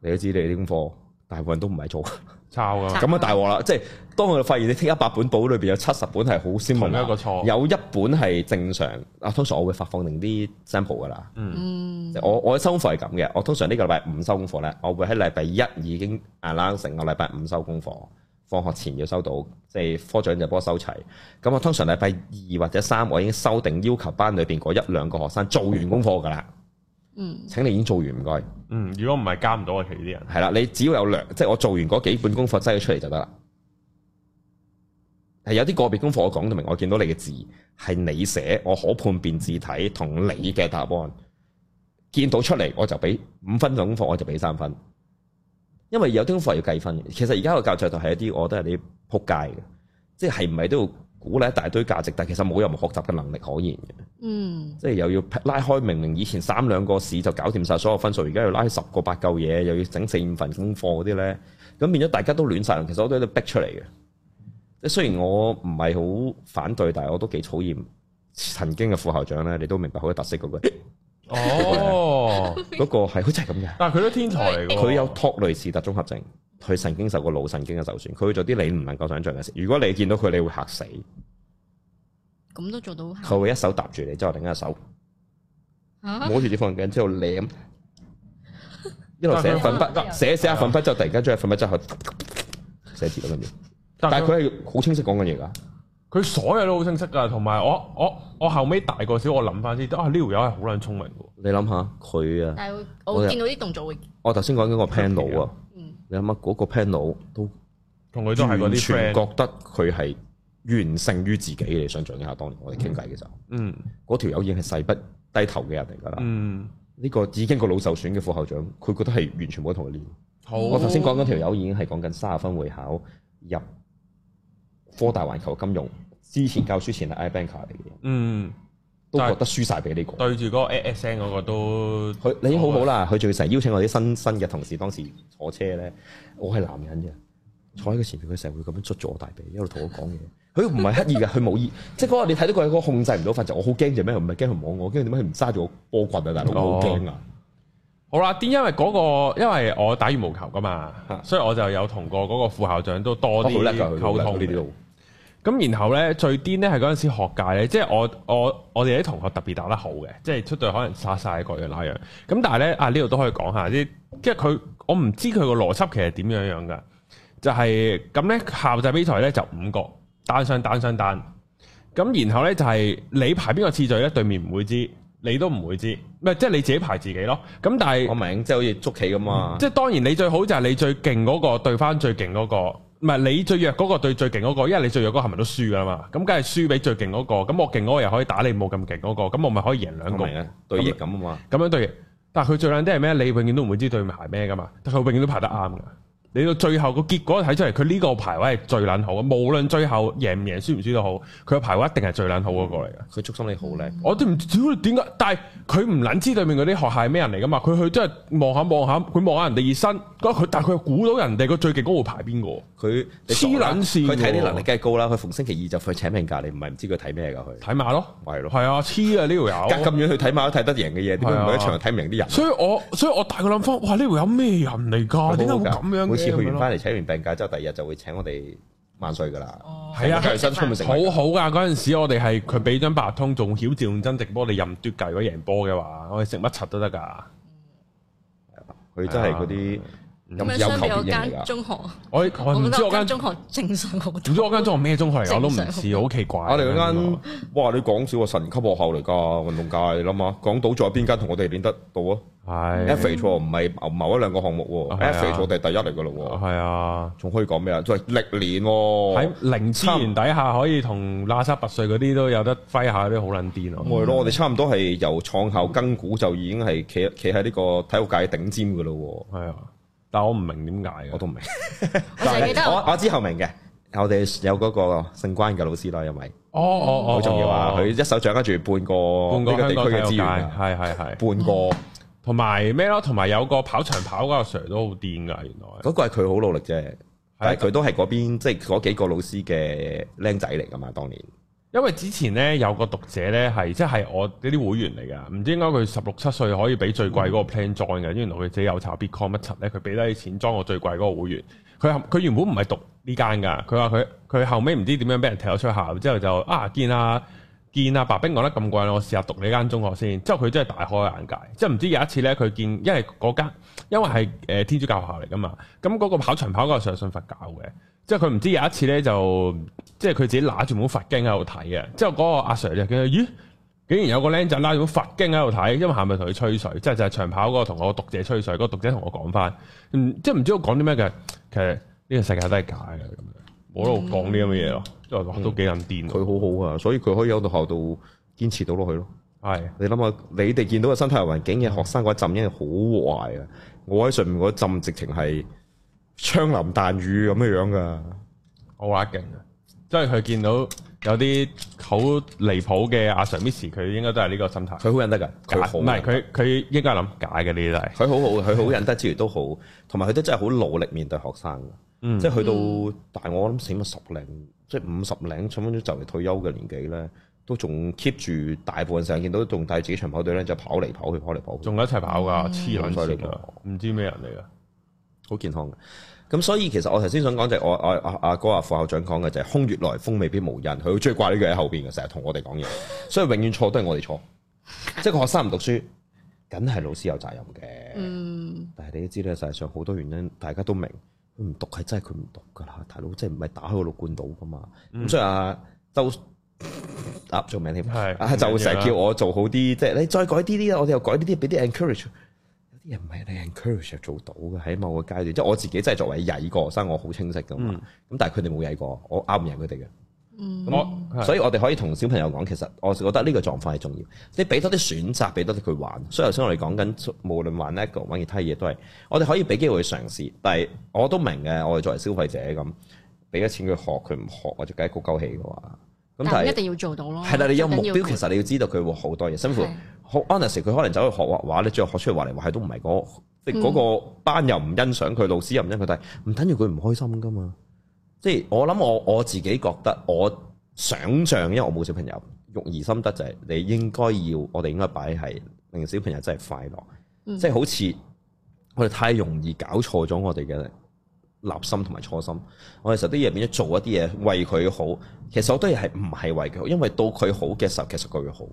你都知你啲功課，大部分都唔係做，抄啊。咁啊大鑊啦！即係當我發現你聽一百本簿裏邊有七十本係好 similar，有一本係正常。啊，通常我會發放定啲 sample 噶啦。嗯，我我收功課係咁嘅。我通常呢個禮拜五收功課啦，我會喺禮拜一已經 announce 成個禮拜五收功課。放學前要收到，即係科長就幫我收齊。咁我通常禮拜二或者三，我已經收定要求班裏邊嗰一兩個學生做完功課噶啦。嗯，請你已經做完唔該。嗯，如果唔係加唔到啊，其啲人係啦。你只要有兩，即係我做完嗰幾本功課，擠咗出嚟就得啦。係有啲個別功課我講得明，我見到你嘅字係你寫，我可判別字體同你嘅答案，見到出嚟我就俾五分嘅功課，我就俾三分。因為有啲功課要計分嘅，其實而家個教材就係一啲我覺得係啲仆街嘅，即係唔係都要鼓勵一大堆價值，但其實冇任何學習嘅能力可言嘅。嗯，即係又要拉開明明以前三兩個試就搞掂晒所有分數，而家又拉開十個八嚿嘢，又要整四五份功課嗰啲咧，咁變咗大家都亂晒，其實我都係逼出嚟嘅。即雖然我唔係好反對，但係我都幾討厭曾經嘅副校長咧，你都明白好多特色嗰 [laughs] 嗰個係，好似係咁嘅。但係佢都天才嚟嘅。佢有托雷斯特綜合症，佢神經受過腦神經嘅受損。佢會做啲你唔能夠想像嘅事。如果你見到佢，你會嚇死。咁都做到。佢會一手搭住你，之後另一手摸住支粉筆，之後攆，一路寫粉筆，他寫粉筆的寫下粉筆，之後突然間將下粉筆就去寫字啦。跟住他，但係佢係好清晰講緊嘢㗎。佢所有都好清晰噶，同埋我我我後尾大個少，我諗翻先，啊呢條友係好撚聰明喎！你諗下佢啊，我會見到啲動作會。我頭先講緊個 panel 啊，嗯、你諗下嗰個 panel 都，啲，全覺得佢係完勝於自己。你想象一下，當年我哋傾偈嘅時候，嗯，嗰條友已經係勢不低頭嘅人嚟噶啦。嗯，呢個已經個腦受損嘅副校長，佢覺得係完全冇得同佢練。好，嗯、我頭先講嗰條友已經係講緊三十分會考入科大環球金融。之前教書前係 I banker 嚟、er、嘅，嗯，都覺得輸晒俾呢個。對住嗰個 s 誒聲嗰個都佢 [laughs] 你好好啦，佢仲要成日邀請我啲新新嘅同事當時坐車咧，我係男人嘅，坐喺佢前面，佢成日會咁樣捉住我大髀 [laughs] 一路同我講嘢，佢唔係刻意嘅，佢冇意，即係嗰個你睇到佢個控制唔到發作，我好驚就係咩？唔係驚佢摸我，驚點解佢唔揸住我波棍啊？大佬，我好驚啊！好啦，啲因為嗰、嗰個因為我打羽毛球噶嘛，所以我就有同個嗰、啊嗰個、個副校長都多啲溝通。呢啲路。咁然後呢，最癲呢係嗰陣時學界呢，即係我我我哋啲同學特別打得好嘅，即係出隊可能殺曬各樣那樣。咁但係呢，啊呢度都可以講下啲，即係佢我唔知佢個邏輯其實點樣樣㗎，就係、是、咁呢，校際比賽呢，就五個單雙單雙單，咁然後呢，就係、是、你排邊個次序呢？對面唔會知，你都唔會知，唔係即係你自己排自己咯。咁但係我明即係、就是、好似捉棋咁嘛、嗯。即係當然你最好就係你最勁嗰、那個對翻最勁嗰、那個。唔係你最弱嗰個對最勁嗰個，因為你最弱嗰個係咪都輸噶嘛？咁梗係輸俾最勁嗰個。咁我勁嗰個又可以打你冇咁勁嗰個，咁我咪可以贏兩個對二咁啊嘛。咁樣，樣對，但係佢最靚啲係咩？你永遠都唔會知對面排咩噶嘛，但佢永遠都排得啱噶。嗯你到最後個結果睇出嚟，佢呢個排位係最撚好嘅，無論最後贏唔贏、輸唔輸都好，佢嘅排位一定係最撚好嗰個嚟嘅。佢捉心理好叻，我都唔知點解，但係佢唔撚知對面嗰啲學校係咩人嚟噶嘛？佢去真係望下望下，佢望下人哋熱身，佢但係佢估到人哋個最勁嗰個排邊個？佢黐撚事，佢睇啲能力梗係高啦。佢逢星期二就去請病假，你唔係唔知佢睇咩㗎？佢睇馬咯，係咯，係啊，黐啊！呢條友咁遠去睇馬都睇得贏嘅嘢，點會每一場睇唔明啲人？所以我所以我大個諗翻，哇！呢條友咩人嚟㗎？點解會咁樣？去完翻嚟請完病假之後，第二日就會請我哋萬歲㗎喇。係、哦、啊，新出咪成好好㗎，嗰陣時我，我哋係佢俾張白通，仲曉趙真直播，你任嘟㗎。如果贏波嘅話，我哋食乜柒都得㗎。佢真係嗰啲。啊有唔中求我我唔知我間中學正常好啲。點知我間中學咩中學？我都唔知，好奇怪。我哋嗰間，哇！你講少個神級學校嚟噶，運動界你諗下，港島仲有邊間同我哋練得到啊？係。e o e 錯唔係某一兩個項目喎 f o e 錯我哋第一嚟噶咯。係啊。仲可以講咩啊？即係歷練喎。喺零資源底下，可以同喇沙拔萃嗰啲都有得揮下，啲好捻癲啊！咪咯，我哋差唔多係由創校根股就已經係企企喺呢個體育界頂尖噶咯。係啊。但我唔明點解我都唔明。我記得我之後明嘅，我哋有嗰個姓關嘅老師咯，因為哦哦好重要啊，佢一手掌握住半個呢個地區嘅資源，係係係半個，同埋咩咯，同埋有，有個跑長跑嗰個 Sir 都好癲噶，原來嗰個係佢好努力啫，但係佢都係嗰邊即係嗰幾個老師嘅僆仔嚟噶嘛，當年。因為之前咧有個讀者咧係即係我呢啲會員嚟噶，唔知點解佢十六七歲可以俾最貴嗰個 plan join 嘅，原來佢自己有炒 bitcoin 乜咧，佢俾低啲錢裝我最貴嗰個會員。佢佢原本唔係讀呢間噶，佢話佢佢後尾唔知點樣俾人踢咗出校之後就啊見啦。見阿白冰講得咁貴，我試下讀呢間中學先。之後佢真係大開眼界。即係唔知有一次咧，佢見，因為嗰間因為係誒天主教學校嚟噶嘛。咁嗰個跑長跑嗰個 sir 信佛教嘅。即係佢唔知有一次咧就，即係佢自己拿住本佛經喺度睇嘅。之後嗰個阿 sir 咧見咦，竟然有個僆仔拉住本佛經喺度睇。因為係咪同佢吹水？即係就係長跑嗰個同我讀者吹水。嗰、那個讀者同我講翻，即係唔知我講啲咩嘅，其實呢個世界都係假嘅咁樣。我喺度講呢咁嘅嘢咯，都幾韌癲。佢好、嗯、好啊，所以佢可以喺度學校度堅持到落去咯。係的你諗下，你哋見到嘅生態環境嘅學生嗰陣已經壞好壞啊！我喺上面嗰陣直情係槍林彈雨咁嘅樣噶，好拉勁啊！即係佢見到有啲好離譜嘅阿 Sir Miss，佢應該都係呢個心態。佢好忍得噶，唔係佢佢應該諗假嘅呢啲。佢好好，佢好忍得之餘都好，同埋佢都真係好努力面對學生。嗯、即係去到大我諗，起碼十零即係五十零，差唔多就嚟退休嘅年紀咧，都仲 keep 住大部分成日見到仲帶自己長跑隊咧，就跑嚟跑去，跑嚟跑去，仲係一齊跑噶、啊，黐撚線噶，唔、嗯、知咩人嚟噶，好、嗯、健康。咁所以其實我頭先想講就係、是、我我阿阿哥啊，副校長講嘅就係、是、空穴來風未必無因人，佢好中意掛呢句喺後邊嘅，成日同我哋講嘢，所以永遠錯都係我哋錯，即係 [laughs] 個學生唔讀書，梗係老師有責任嘅。嗯，但係你都知咧，世界上好多原因，大家都明。唔讀係真係佢唔讀噶啦，大佬即係唔係打開個腦罐到噶嘛？咁、嗯、所以阿周鴨做名添，係、啊、就成日叫我做好啲，即、就、係、是、你再改啲啲啦，我哋又改啲啲，俾啲 encourage。有啲人唔係你 encourage 做到嘅，喺某個階段，即係我自己真係作為曳過，所以我好清晰噶嘛。咁、嗯、但係佢哋冇曳過，我拗唔贏佢哋嘅。嗯，咁我，是的 所以我哋可以同小朋友講，其實我覺得呢個狀況係重要，你俾多啲選擇，俾多啲佢玩。所以頭先我哋講緊，無論玩 a 呢個玩其他嘢都係，我哋可以俾機會去嘗試。但係我都明嘅，我哋作為消費者咁，俾咗錢佢學，佢唔學或者梗一高鳩氣嘅話，咁係一定要做到咯。係啦，你有目標，其實你要知道佢會好多嘢。甚至乎好 honest，佢可能走去學畫畫你最後學出嚟畫嚟畫去都唔係嗰，嗯、個班又唔欣賞佢，老師又唔欣賞佢，但係唔等於佢唔開心噶嘛。即係我諗我我自己覺得，我想象因為我冇小朋友，育兒心得就係你應該要，我哋應該擺係令小朋友真係快樂，即係、嗯、好似我哋太容易搞錯咗我哋嘅立心同埋初心。我哋實啲嘢變咗做一啲嘢為佢好，其實好多嘢係唔係為佢好，因為到佢好嘅時候，其實佢會好。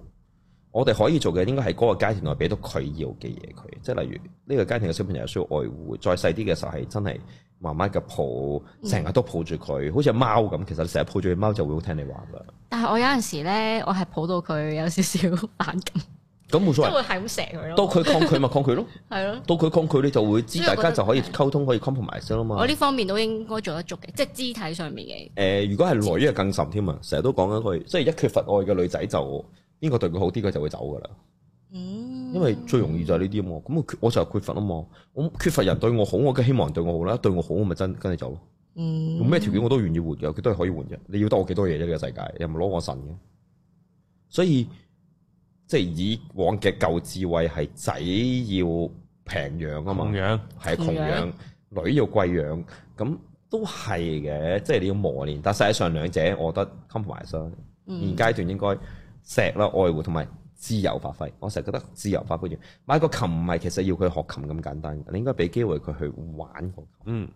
我哋可以做嘅應該係嗰個家庭內俾到佢要嘅嘢佢，即係例如呢個家庭嘅小朋友需要愛護，再細啲嘅時候係真係。慢慢嘅抱，成日都抱住佢，嗯、好似隻貓咁。其實成日抱住隻貓就會好聽你話噶但係我有陣時咧，我係抱到佢有少少反感。咁冇所謂，都 [laughs] 會係咁錫佢咯。到佢抗拒咪抗拒咯，係咯 [laughs] 的。到佢抗拒你就會知，大家就可以溝通，可以 compromise 啦嘛。我呢方面都應該做得足嘅， [laughs] 即係肢體上面嘅。誒、呃，如果係女嘅更甚添啊，成日都講緊佢，即係一缺乏愛嘅女仔就邊個對佢好啲，佢就會走噶啦。因為最容易就係呢啲啊嘛，咁我就係缺乏啊嘛，我缺乏人對我好，我梗希望人對我好啦，對我好我咪真跟你走咯。嗯，咩條件我都願意換嘅，佢都係可以換嘅。你要得我幾多嘢啫？呢個世界又唔攞我神嘅，所以即係以往嘅舊智慧係仔要平養啊嘛，窮養係窮養，養女要貴養，咁都係嘅。即係你要磨練，但實際上兩者，我覺得 compromise。嗯，現階段應該錫啦，愛護同埋自由發揮，我成日覺得自由發揮完買個琴唔係其實要佢學琴咁簡單。你應該俾機會佢去玩個琴，嗯，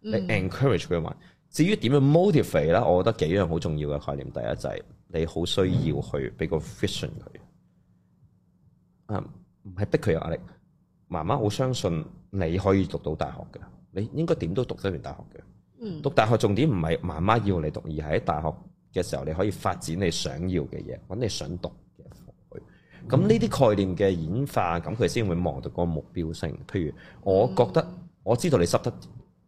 你 encourage 佢玩。至於點樣 motivate 咧，我覺得幾樣好重要嘅概念。第一就係你好需要去俾個 vision 佢啊，唔係逼佢有壓力。媽媽，我相信你可以讀到大學嘅，你應該點都讀得完大學嘅。嗯，讀大學重點唔係媽媽要你讀，而係喺大學嘅時候你可以發展你想要嘅嘢，揾你想讀。咁呢啲概念嘅演化，咁佢先會望到嗰個目標性。譬如，我覺得、嗯、我知道你執得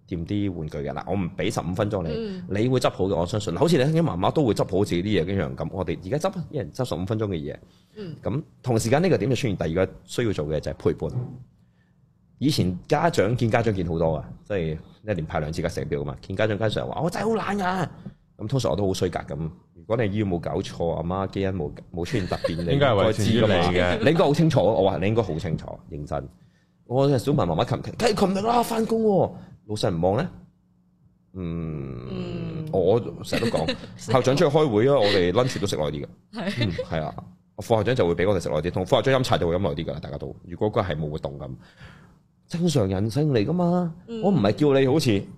掂啲玩具嘅嗱，我唔俾十五分鐘你，嗯、你會執好嘅。我相信，好似你啲媽媽都會執好自己啲嘢經常咁。我哋而家執一人執十五分鐘嘅嘢，咁、嗯、同時間呢個點就出現第二個需要做嘅就係陪伴。以前家長見家長見好多嘅，即係一年派兩次嘅成表啊嘛，見家長家長話我真係好懶啊，咁通常我都好衰格咁。講你醫院冇搞錯，阿媽，媽基因冇冇出現突變嚟，應該係我知嚟嘅。你應該好清楚， [laughs] 我話你應該好清楚，認真。我小文媽媽，琴日啦，翻工、啊。老細唔望咧，嗯，嗯我成日都講 [laughs] 校長出去開會啊，我哋 lunch 都食耐啲嘅，係啊的，嗯、我副校長就會俾我哋食耐啲，同副校長飲茶就會飲耐啲嘅，大家都。如果佢係冇活動咁，正常人性嚟噶嘛，我唔係叫你好似。嗯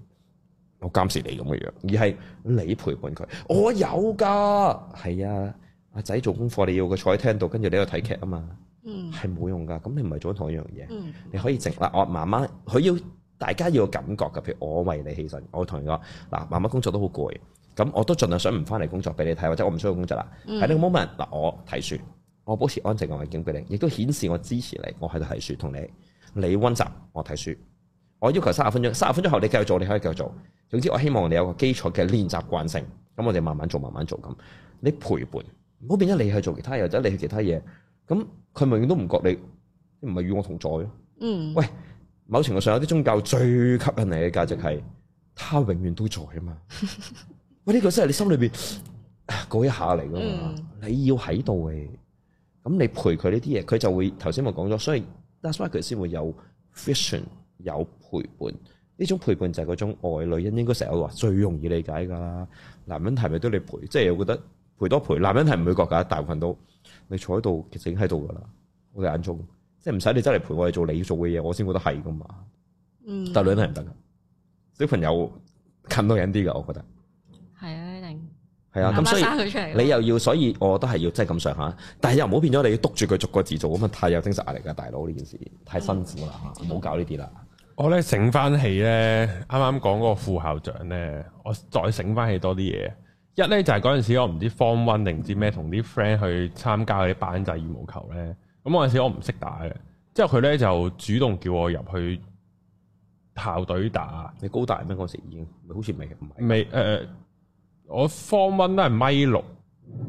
我監視你咁嘅樣，而係你陪伴佢。嗯、我有噶，係啊，阿仔做功課，你要佢坐喺廳度，跟住你喺度睇劇啊嘛，嗯，係冇用噶。咁你唔係做緊同一樣嘢，嗯，你可以靜嗱，我媽媽佢要大家要有感覺噶，譬如我為你起身，我同你講嗱，媽媽工作都好攰，咁我都盡量想唔翻嚟工作俾你睇，或者我唔需要工作啦，喺呢個 moment 嗱，我睇書，我保持安靜嘅環境俾你，亦都顯示我支持你，我喺度睇書同你，你温習，我睇書。我要求三十分鐘，三十分鐘後你繼續做，你可以繼續做。總之我希望你有個基礎嘅練習慣性，咁我哋慢慢做，慢慢做咁。你陪伴，唔好變咗你去做其他嘢，或者你去其他嘢。咁佢永遠都唔覺你唔係與我同在咯。嗯。喂，某程度上有啲宗教最吸引你嘅價值係，他永遠都在啊嘛。 [laughs] 喂，呢、這個真係你心裏邊嗰一下嚟噶嘛？嗯、你要喺度嘅，咁你陪佢呢啲嘢，佢就會頭先咪講咗，所以 that's why 佢先會有 vision 有。陪伴呢種陪伴就係嗰種愛，女人應該成日話最容易理解㗎啦。男人係咪都你陪？即係我覺得陪多陪男人係唔會覺噶，大部分都你坐喺度，其實已經喺度㗎啦。我哋眼中即係唔使你真係陪我哋做你要做嘅嘢，我先覺得係㗎嘛。嗯，但女人係唔得噶。小朋友近多人啲㗎，我覺得係啊，一定係啊。咁、嗯、所以媽媽生佢出嚟你又要，所以我都係要真係咁上下。但係又唔好變咗你要督住佢逐個字做，咁啊太有精神壓力㗎，大佬呢件事太辛苦啦嚇，唔好搞呢啲啦。我咧醒翻起咧，啱啱講嗰個副校長咧，我再醒翻起多啲嘢。一咧就係嗰陣時我唔知方 o 定唔知咩，同啲 friend 去參加嗰啲班制羽毛球咧。咁嗰陣時我唔識打嘅，之後佢咧就主動叫我入去校隊打。你高大咩、呃？我食煙，好似未，唔未？誒，我方 o 都係米六。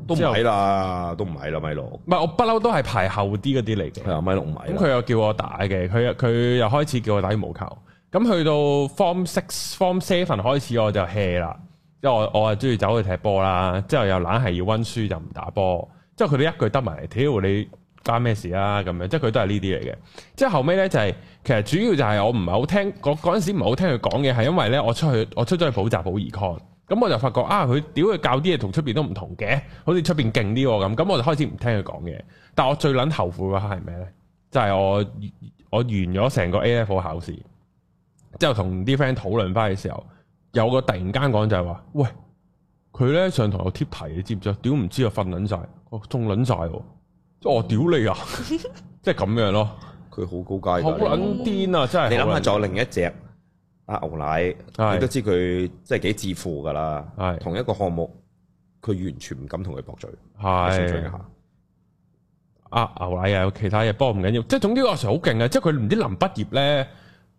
都唔係啦，都唔係啦，米六。唔係，我不嬲都係排後啲嗰啲嚟嘅。係啊，米六唔係。咁佢又叫我打嘅，佢佢又開始叫我打羽毛球。咁去到 form six、form seven 開始我就 hea 啦，即係我我係中意走去踢波啦。之後又懶係要溫書就唔打波。之後佢哋一句得埋，嚟，屌你關咩事啊？咁樣，即係佢都係呢啲嚟嘅。即係後尾咧就係、是，其實主要就係我唔係好聽，嗰陣時唔係好聽佢講嘢，係因為咧我出去，我出咗去補習補 Econ。補咁我就發覺啊，佢屌佢教啲嘢同出邊都唔同嘅，好似出邊勁啲喎咁。咁我就開始唔聽佢講嘢。但係我最撚後悔嘅係咩咧？就係、是、我我完咗成個 A F 考試之後，同啲 friend 討論翻嘅時候，有個突然間講就係話：喂，佢咧上堂有貼題，你知唔知啊？屌唔知啊，瞓撚晒，哦中撚晒喎！我屌你啊！即係咁樣咯。佢好高階，好撚癲啊！真係你諗下，仲有另一隻。阿牛奶，你都是知佢即係幾自負噶啦。係是同一個項目，佢完全唔敢同佢駁嘴。係想象一下，阿、啊、牛奶有、啊、其他嘢，不過唔緊要。即係總之嗰時好勁嘅，即係佢唔知臨畢業咧，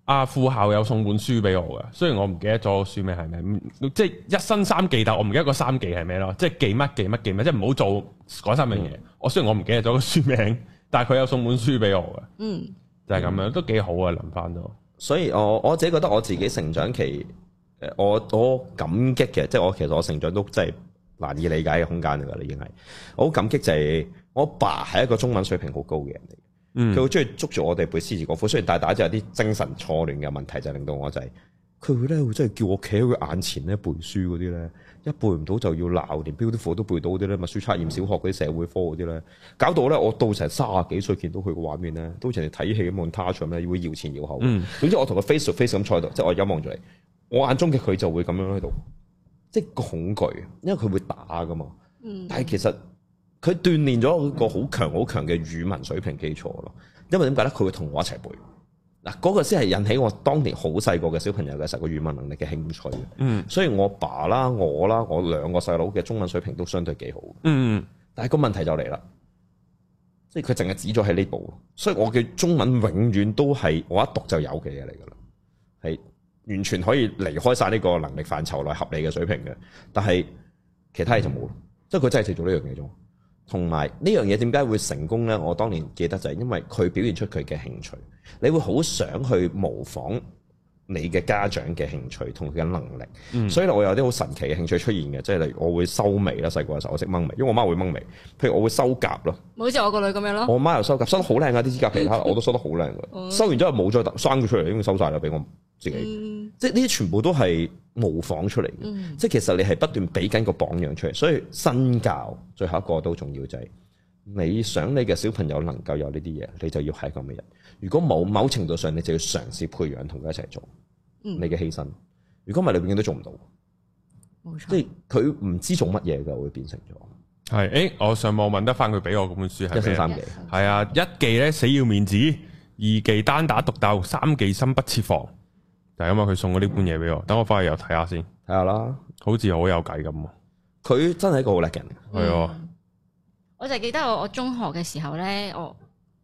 阿副校有送本書俾我嘅。雖然我唔記得咗書名係咩，即係一生三記，但我唔記得個三記係咩咯。即係記乜記乜記乜，即係唔好做嗰三樣嘢。嗯、我雖然我唔記得咗個書名，但係佢有送本書俾我嘅。嗯，就係咁樣，都幾好啊，諗翻到。所以我我自己覺得我自己成長期，誒我我感激嘅，即係我其實我成長都真係難以理解嘅空間嚟㗎，已經係，我好感激就係我爸係一個中文水平好高嘅人嚟，嗯，佢好中意捉住我哋背詩詞歌賦，雖然大大就有啲精神錯亂嘅問題，就係、令到我就係、係。佢咧會真係叫我企喺佢眼前咧背書嗰啲咧，一背唔到就要鬧，連 beautiful 都背到啲咧，默書測驗小學嗰啲社會科嗰啲咧，搞到咧我到成卅幾歲見到佢個畫面咧，都好似睇戲咁 touch 咁咧，會搖前搖後。嗯，總之我同佢 face to face 咁坐喺度，即係我一眼望住你，我眼中嘅佢就會咁樣喺度，即係個恐懼，因為佢會打噶嘛。但係其實佢鍛鍊咗一個好強好強嘅語文水平基礎咯。因為點解咧？佢會同我一齊背。嗱，嗰個先係引起我當年好細個嘅小朋友嘅時候嘅語文能力嘅興趣嘅，嗯、所以我爸啦、我啦、我兩個細佬嘅中文水平都相對幾好，嗯、但係個問題就嚟啦，即係佢淨係指咗喺呢部。所以我嘅中文永遠都係我一讀就有嘅嘢嚟噶啦，係完全可以離開晒呢個能力範疇內合理嘅水平嘅，但係其他嘢就冇，嗯、即係佢真係做呢樣嘢啫。同埋呢樣嘢點解會成功咧？我當年記得就係因為佢表現出佢嘅興趣，你會好想去模仿你嘅家長嘅興趣同佢嘅能力，嗯、所以咧我有啲好神奇嘅興趣出現嘅，即係例如我會收眉啦，細個嘅時候我識掹眉，因為我媽會掹眉。譬如我會收甲咯，好似我個女咁樣咯。我媽又收甲，收得好靚啊！啲指甲皮卡，我都收得好靚㗎。 [laughs] 收完之後冇再生咗出嚟，已經收晒啦，俾我自己。嗯.即係呢啲全部都係模仿出嚟嘅，嗯、即係其實你係不斷俾緊個榜樣出嚟，所以身教最後一個都重要。就係你想你嘅小朋友能夠有呢啲嘢，你就要係一個名人。如果冇某，某程度上，你就要嘗試培養同佢一齊做，嗯、你嘅犧牲。如果唔係，你永遠都做唔到。冇錯，即係佢唔知做乜嘢就會變成咗。係，誒、欸，我上網問得翻佢俾我嗰本書係一生三忌。係嗎 Yes, 啊，right. 一忌咧死要面子，二忌單打獨鬥，三忌心不設防。就因為，佢送我呢本嘢，俾我，等我翻去又睇下先，睇下啦，好似好有計咁。佢真係一個好叻人。係啊、嗯對，我就記得我我中學嘅時候咧，我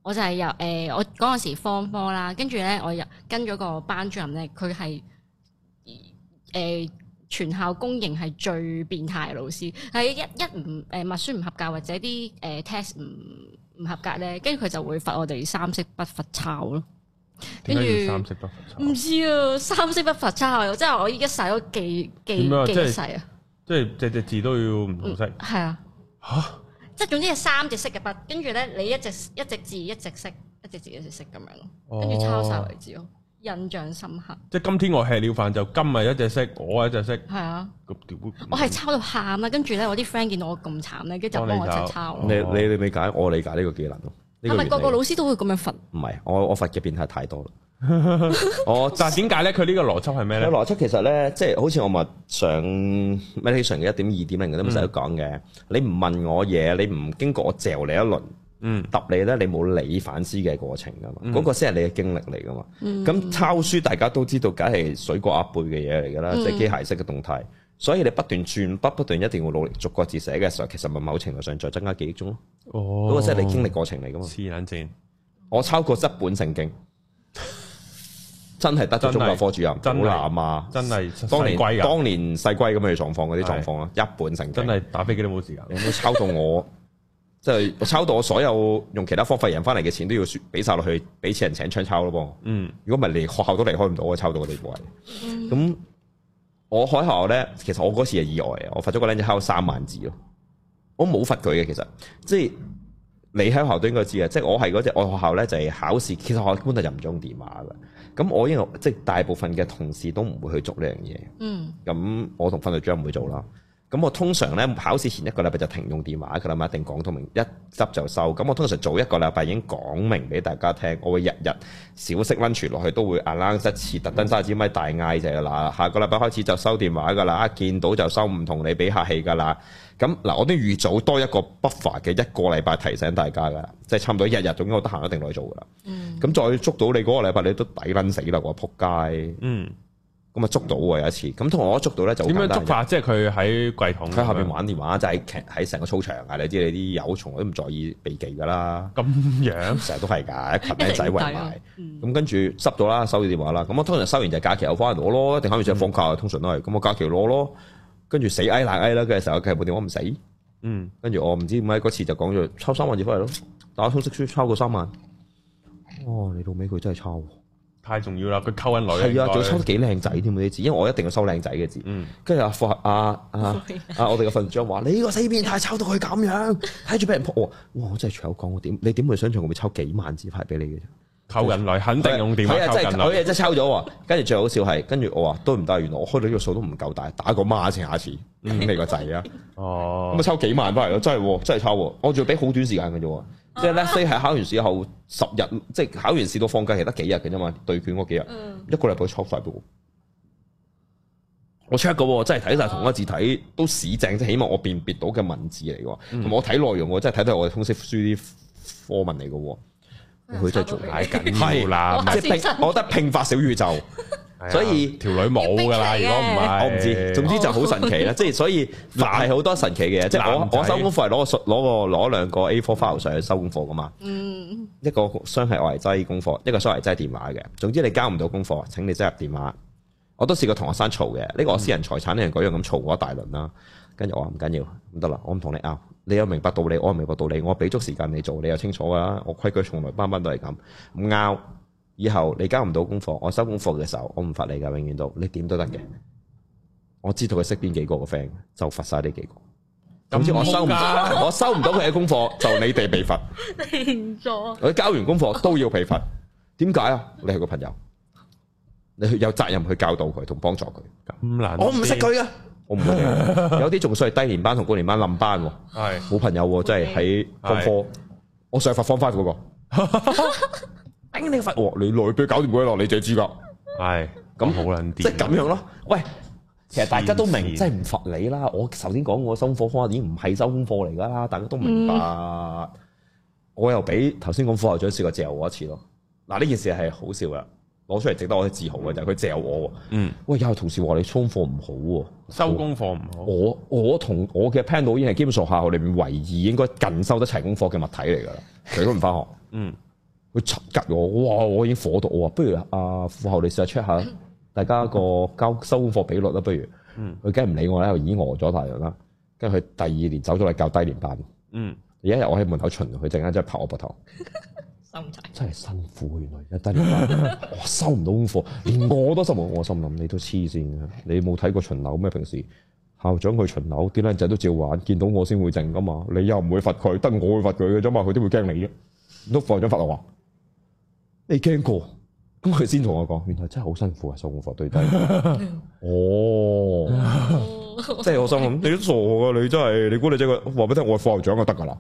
我就係由誒我嗰陣時方科啦，跟住咧我又跟咗個班主任咧，佢係誒全校公認係最變態嘅老師，係一一唔誒默書唔合格或者啲誒 test 唔唔合格咧，跟住佢就會罰我哋三色筆罰抄咯。點解要三色筆？唔知啊，三色筆罰抄啊。即係我依家使咗幾幾幾細啊。即係隻隻字都要唔同色。係啊，吓！即係總之係三隻色嘅筆，跟住咧你一隻一隻字，一隻色，一隻字，一隻色咁樣咯，跟住抄晒為止咯。印象深刻。即係今天我吃了飯就今日一隻色，我一隻色。係啊。咁點？我係抄到喊啦，跟住咧我啲 friend 見到我咁慘咧，跟住就幫我執抄咯。你你你未解，我理解呢個技能咯。係咪個個老師都會咁樣罰？唔係，我我罰嘅變態太多啦。 [laughs] 我 [laughs] 但係點解咧？佢呢個邏輯係咩咧？邏輯其實咧，即係好似我咪上 meditation 嘅一點二點零都唔使講嘅。你唔問我嘢，你唔經過我嚼你一輪，嗯，揼你咧，你冇理反思嘅過程噶嘛？嗰個先係你嘅經歷嚟噶嘛？咁抄書大家都知道，梗係水過鴨背嘅嘢嚟噶啦，即係機械式嘅動態。嗯所以你不斷轉筆，不斷一定要努力逐個字寫嘅時候，其實咪某程度上再增加記憶中咯。哦，嗰個即係你經歷過程嚟噶嘛。黐捻線，我抄過一本聖經，真係得咗中國科主任好難啊！真係當年當年細龜咁嘅狀況，嗰啲狀況啊，一本聖經真係打飛機都冇時間。我抄到我，即係我抄到我所有用其他方法贏翻嚟嘅錢都要輸，俾晒落去俾錢人請槍抄咯噃。嗯，如果唔係，連學校都離開唔到啊！抄到我哋怪。嗯。咁。我喺學校咧，其實我嗰次係意外啊！我罰咗個靚仔考三萬字咯，我冇罰佢嘅。其實即係你喺學校都應該知嘅，即係我係嗰隻。我學校咧就係考試，其實我根本係任重道遠噶。咁我因為即係大部分嘅同事都唔會去做呢樣嘢，嗯，咁我同分隊長唔會做啦。咁我通常咧，考試前一個禮拜就停用電話㗎啦嘛，一定講通明一執就收。咁我通常早一個禮拜已經講明俾大家聽，我會日日小息温傳落去，都會硬撚一次，特登三廿幾米大嗌就係嗱，下個禮拜開始就收電話㗎啦，一見到就收，唔同你俾客氣㗎啦。咁嗱，我都預早多一個不 u 嘅一個禮拜提醒大家㗎啦，即係差唔多日日總之我得閒一定落去做㗎啦。嗯。咁再捉到你嗰個禮拜，你都抵撚死啦，我撲街。嗯。咁啊捉到喎，有一次，咁同我捉到咧就點樣捉法？即係佢喺櫃筒，喺下邊玩電話，就喺喺成個操場啊！你知你啲友從來都唔在意避忌噶啦。咁樣成日都係㗎， [laughs] 一羣名仔圍埋。咁跟住濕咗啦，收住電話啦。咁我通常收完就假期又翻嚟攞咯，一定喺面上放假、嗯、通常都係。咁我假期攞咯，跟住死挨賴挨啦。跟住成日佢部電話唔死，嗯。跟住我唔知點解嗰次就講咗抽三萬字翻嚟咯，打通訊書抽過三萬。哦，你老尾佢真係抽。太重要啦！佢溝緊女。嘅，係啊，佢抽得幾靚仔添嗰啲字，嗯、因為我一定要收靚仔嘅字。嗯，跟住阿副校阿我哋嘅訓長話： [laughs] 你個死變態，抽到佢咁樣，睇住俾人撲喎！哇，我真係隨口講，我點你點會想像我會抽幾萬字派俾你嘅啫？求人來，肯定用電話她？係啊，真係她，佢嘢真係抽咗。跟住 [laughs] 最好笑係，跟住我話都唔得，原來我開到呢個數都唔夠大，打個孖前下次，咩 [laughs] 個仔 [laughs] 啊？哦，咁啊，抽幾萬翻嚟咯，真係，真係抽。我仲要俾好短時間嘅啫，即係 l a s 係考完試後十日，即係考完試到放假，其實得幾日嘅啫嘛，對卷嗰幾日，嗯、一個禮拜抽晒嘅。我 check 個真係睇晒，同一字體都屎正，即係起碼我辨別到嘅文字嚟嘅。同我睇內容，我真係睇到我通識書啲課文嚟嘅。佢都係做緊呢啦，即係拼，我覺得拼發小宇宙，所以條、哎、女冇噶啦，如果唔係，哦、我唔知，總之就好神奇啦。即係、哦、所以，嗱，係好多神奇嘅嘢。即係我我收功課係攞個攞個攞兩個 A4 file 上去收、嗯、功課噶嘛，一個箱係外置功課，一個雙係外置電話嘅。總之你交唔到功課，請你輸入電話。我都試過同學生嘈嘅，呢、這個我私人財產呢樣嗰樣咁嘈過一大輪啦。跟住我話唔緊要，咁得啦，我唔同你拗。你又明白道理，我又明白道理，我俾足時間你做，你又清楚噶啦。我規矩從來班班都係咁，唔拗。以後你交唔到功課，我收功課嘅時候，我唔罰你噶，永遠都你點都得嘅。我知道佢識邊幾個個 friend，就罰曬呢幾個。咁即係我收唔，我收唔到佢嘅功課，就你哋被罰。連坐。佢交完功課都要被罰，點解啊？你係個朋友，你有責任去教導佢同幫助佢。咁難？我唔識佢呀。我唔明，有啲仲算係低年班同高年班冧班，係好是朋友，即係喺功課，我上發方塊嗰個，頂你發鑊，你內部搞掂佢咯，你自己知噶，係咁好捻啲，即係咁樣咯。喂，其實大家都明，即係唔罰你啦。我頭先講我收功課方已經唔係收功課嚟噶啦，大家都明白。嗯、我又俾頭先講副校長試過借我一次咯。嗱，呢件事係好笑噶。攞出嚟值得我自豪嘅就係佢借我，嗯，喂有同事話你收貨唔好喎、啊，收功課唔好。我我同我嘅 plan 到已經係基本上校裏面唯一應該近收得齊功課嘅物體嚟噶啦，佢都唔返學，嗯，佢窒我，哇，我已經火到我話，不如阿副校你試下 check 下大家個交收功課比率啦，不如，嗯，佢梗係唔理我啦，又已經餓咗大人啦，跟住佢第二年走咗嚟教低年班，嗯，有一日我喺門口巡佢，陣間真係拍我膊頭。 [laughs] 真係辛苦，原來一低 [laughs] 我收唔到功課，連我都收唔到。我心諗你都黐線嘅，你冇睇過巡樓咩？平時校長去巡樓，啲僆仔都照玩，見到我先會靜噶嘛。你又唔會罰佢，得我會罰佢嘅啫嘛。佢都會驚你啫。督課長發嚟話：你驚過？咁佢先同我講，原來真係好辛苦啊，收功課對低。哦，即係我心諗你都傻噶、啊，你真係你估你即係話俾聽我係副校長就得噶啦。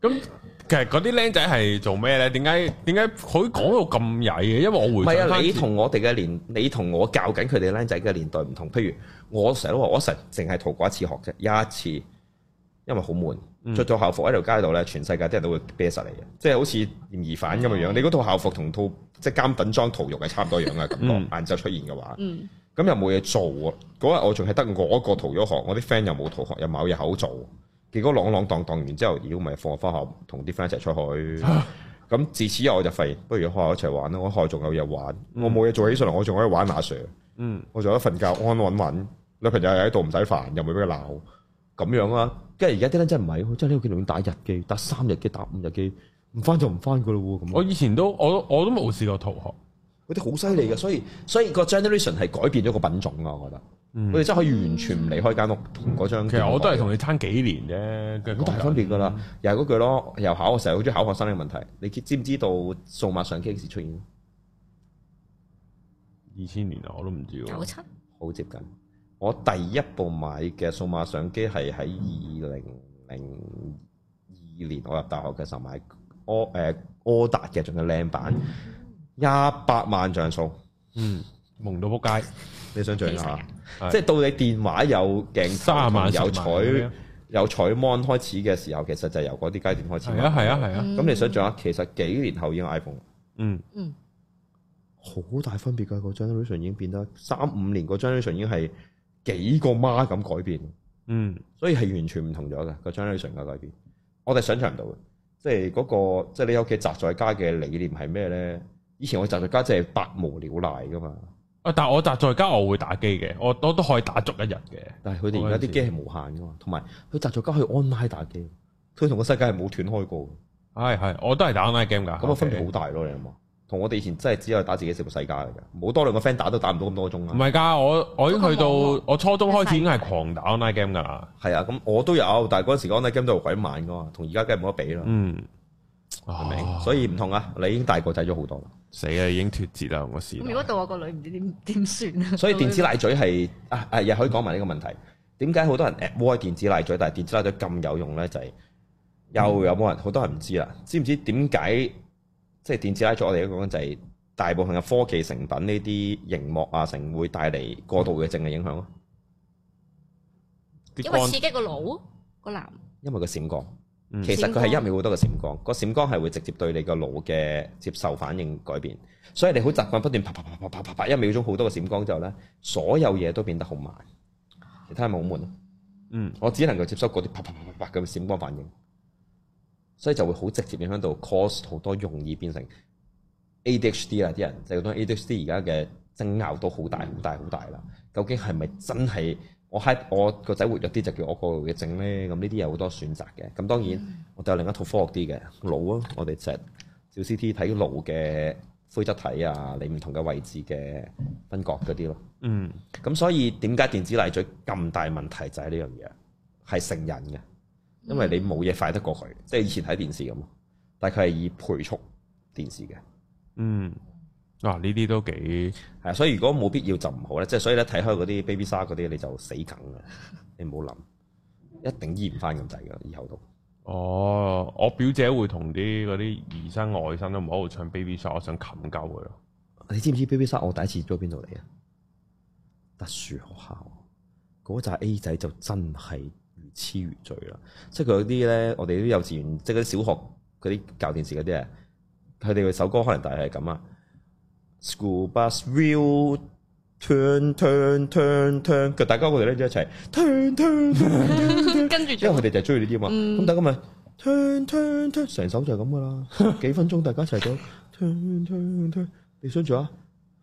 咁其實嗰啲僆仔係做咩咧？點解點解佢講到咁曳嘅？因為我回復翻，你同我哋嘅年，你同我教緊佢哋僆仔嘅年代唔同。譬如我成日都話，我成日淨係逃過一次學啫，有一次，因為好悶，着咗、嗯、校服喺條街度咧，全世界啲人都會啤實你嘅，即係好似嫌疑犯咁嘅樣。嗯、你嗰套校服同套即係監躉裝逃獄係差唔多樣嘅感覺，晏晝、嗯、出現嘅話，咁又冇嘢做啊。嗰日我仲係得我一個逃咗學，我啲 friend 又冇逃學，又冇嘢好做。結果朗朗蕩蕩完之後，如果唔係放我翻學，同啲 friend 一齊出去。咁 [laughs] 自此以後我就廢不如學校一齊玩啦。我學校仲有嘢玩，嗯、我冇嘢做起上嚟，我仲可以玩阿 Sir。嗯，我仲可以瞓覺安安穩穩，女朋友又喺度唔使煩，又唔會俾佢鬧。咁樣啦、啊。跟住而家啲人真係唔係，真係呢屋企裡打日機，打三日嘅，打五日機，唔翻就唔翻噶咯喎。咁我以前都我我都冇試過逃學，嗰啲好犀利嘅，所以所以，所以個 generation 係改變咗個品種啊，我覺得。我哋 [noise] 真係可以完全唔離開間屋同嗰張。其實我都係同你爭幾年啫，咁大分別噶啦、嗯。又係嗰句咯，又考我成日好鍾意考學生嘅問題。你知唔知道數碼相機幾時出現？二千年啊，我都唔知，九七，好接近。我第一部買嘅數碼相機係喺二零零二年，我入大學嘅時候買柯誒柯達嘅，仲、呃呃、有靚版，一百、嗯、萬像素，嗯，朦到撲街。你想象一下，即係到你電話有鏡頭、有彩、三萬有彩芒 o 開始嘅時候，其實就由嗰啲階段開始,開始。係啊，係啊，係啊。咁、嗯、你想象下，其實幾年後已經 iPhone。嗯嗯，好、嗯、大分別噶個 generation 已經變咗，三五年個 generation 已經係幾個媽咁改變。嗯，所以係完全唔同咗噶個 generation 嘅改變。我哋想象唔到嘅，即係嗰個，即、就、係、是、你屋企宅在家嘅理念係咩咧？以前我宅在家即係百無聊賴噶嘛。但係我宅在家我會打機嘅，我我都可以打足一日嘅。但係佢哋而家啲機係無限噶嘛，同埋佢宅在家可以 online 打機，佢同個世界係冇斷開過。係係，我都係打 online game 噶，咁啊分別好大咯，Okay. 你諗下。同我哋以前真係只有打自己食個世界嚟嘅，冇多兩個 friend 打都打唔到咁多鐘啦。唔係噶，我我已經去到我初中開始已經係狂打 online game 噶啦。係啊，咁我都有，但係嗰陣時 online game 都係鬼慢噶嘛，同而家梗係冇得比啦。嗯。哦，所以唔同啊，你已經大個仔咗好多啦，死啊，已經脱節啦，我事。咁如果到我個女唔知點點算啊？所以電子奶嘴係啊 [laughs] 啊，又、啊、可以講埋呢個問題。點解好多人誒 avoid 電子奶嘴，但係電子奶嘴咁有用咧？就係、是、又有冇人？好、嗯、多人唔知啦，知唔知點解？即、就、係、是、電子奶嘴，我哋一個講就係大部分嘅科技成品呢啲熒幕啊，成會帶嚟過度嘅正嘅影響啊。嗯、因為刺激個腦個藍。男因為個閃光。嗯、其實佢係一秒好多個閃光，個閃光係會直接對你個腦嘅接受反應改變，所以你好習慣不斷啪啪啪啪啪啪啪，一秒鐘好多個閃光之後咧，所有嘢都變得好慢，其他咪冇悶咯。嗯，我只能夠接收嗰啲啪啪啪啪啪嘅閃光反應，所以就會好直接影響到 cause 好多容易變成 ADHD 啊啲人就，就係嗰 ADHD 而家嘅爭拗都好大好大好大啦。究竟係咪真係？我嗨，我個仔活躍啲就叫我過嘅證咧，咁呢啲有好多選擇嘅。咁當然，嗯、我有另一套科學啲嘅腦啊，我哋照 CT 睇腦嘅灰質體啊，你唔同嘅位置嘅分角嗰啲咯。嗯，咁所以點解電子奶嘴咁大問題就係呢樣嘢係成癮嘅，因為你冇嘢快得過佢，嗯、即係以前睇電視咁咯。但係佢係以倍速電視嘅，嗯。嗱，呢啲、啊、都幾係，所以如果冇必要就唔好咧。即係所以咧，睇開嗰啲 baby shark 嗰啲，你就死梗嘅，你唔好諗，一定醫唔翻咁滯嘅。以後都哦，我表姐會同啲嗰啲姨甥外甥都唔喺度唱 baby shark，我想冚鳩佢咯。你知唔知 baby shark？我第一次做邊度嚟啊？特殊學校嗰扎 A 仔就真係如痴如醉啦。即係佢有啲咧，我哋啲幼稚園，即係啲小學嗰啲教電視嗰啲啊，佢哋首歌可能大係咁啊。School bus wheel turn turn turn turn，咁大家我哋咧就一齊跟住，因為我哋就係中意呢啲嘛。咁大家咪 turn turn turn，成首就係咁噶啦。幾分鐘大家一齊做 turn, turn turn turn，你想做啊？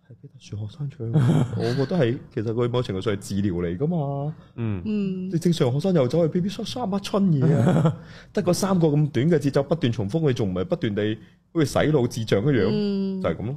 係特殊學生唱，我覺得係其實佢某種程度上係治療嚟噶嘛。嗯 [laughs] 你正常學生又走去 B B 刷刷乜春嘢啊？得個、嗯、三個咁短嘅節奏不斷重複，你仲唔係不斷地好似洗腦智障一樣？嗯、就係咁咯。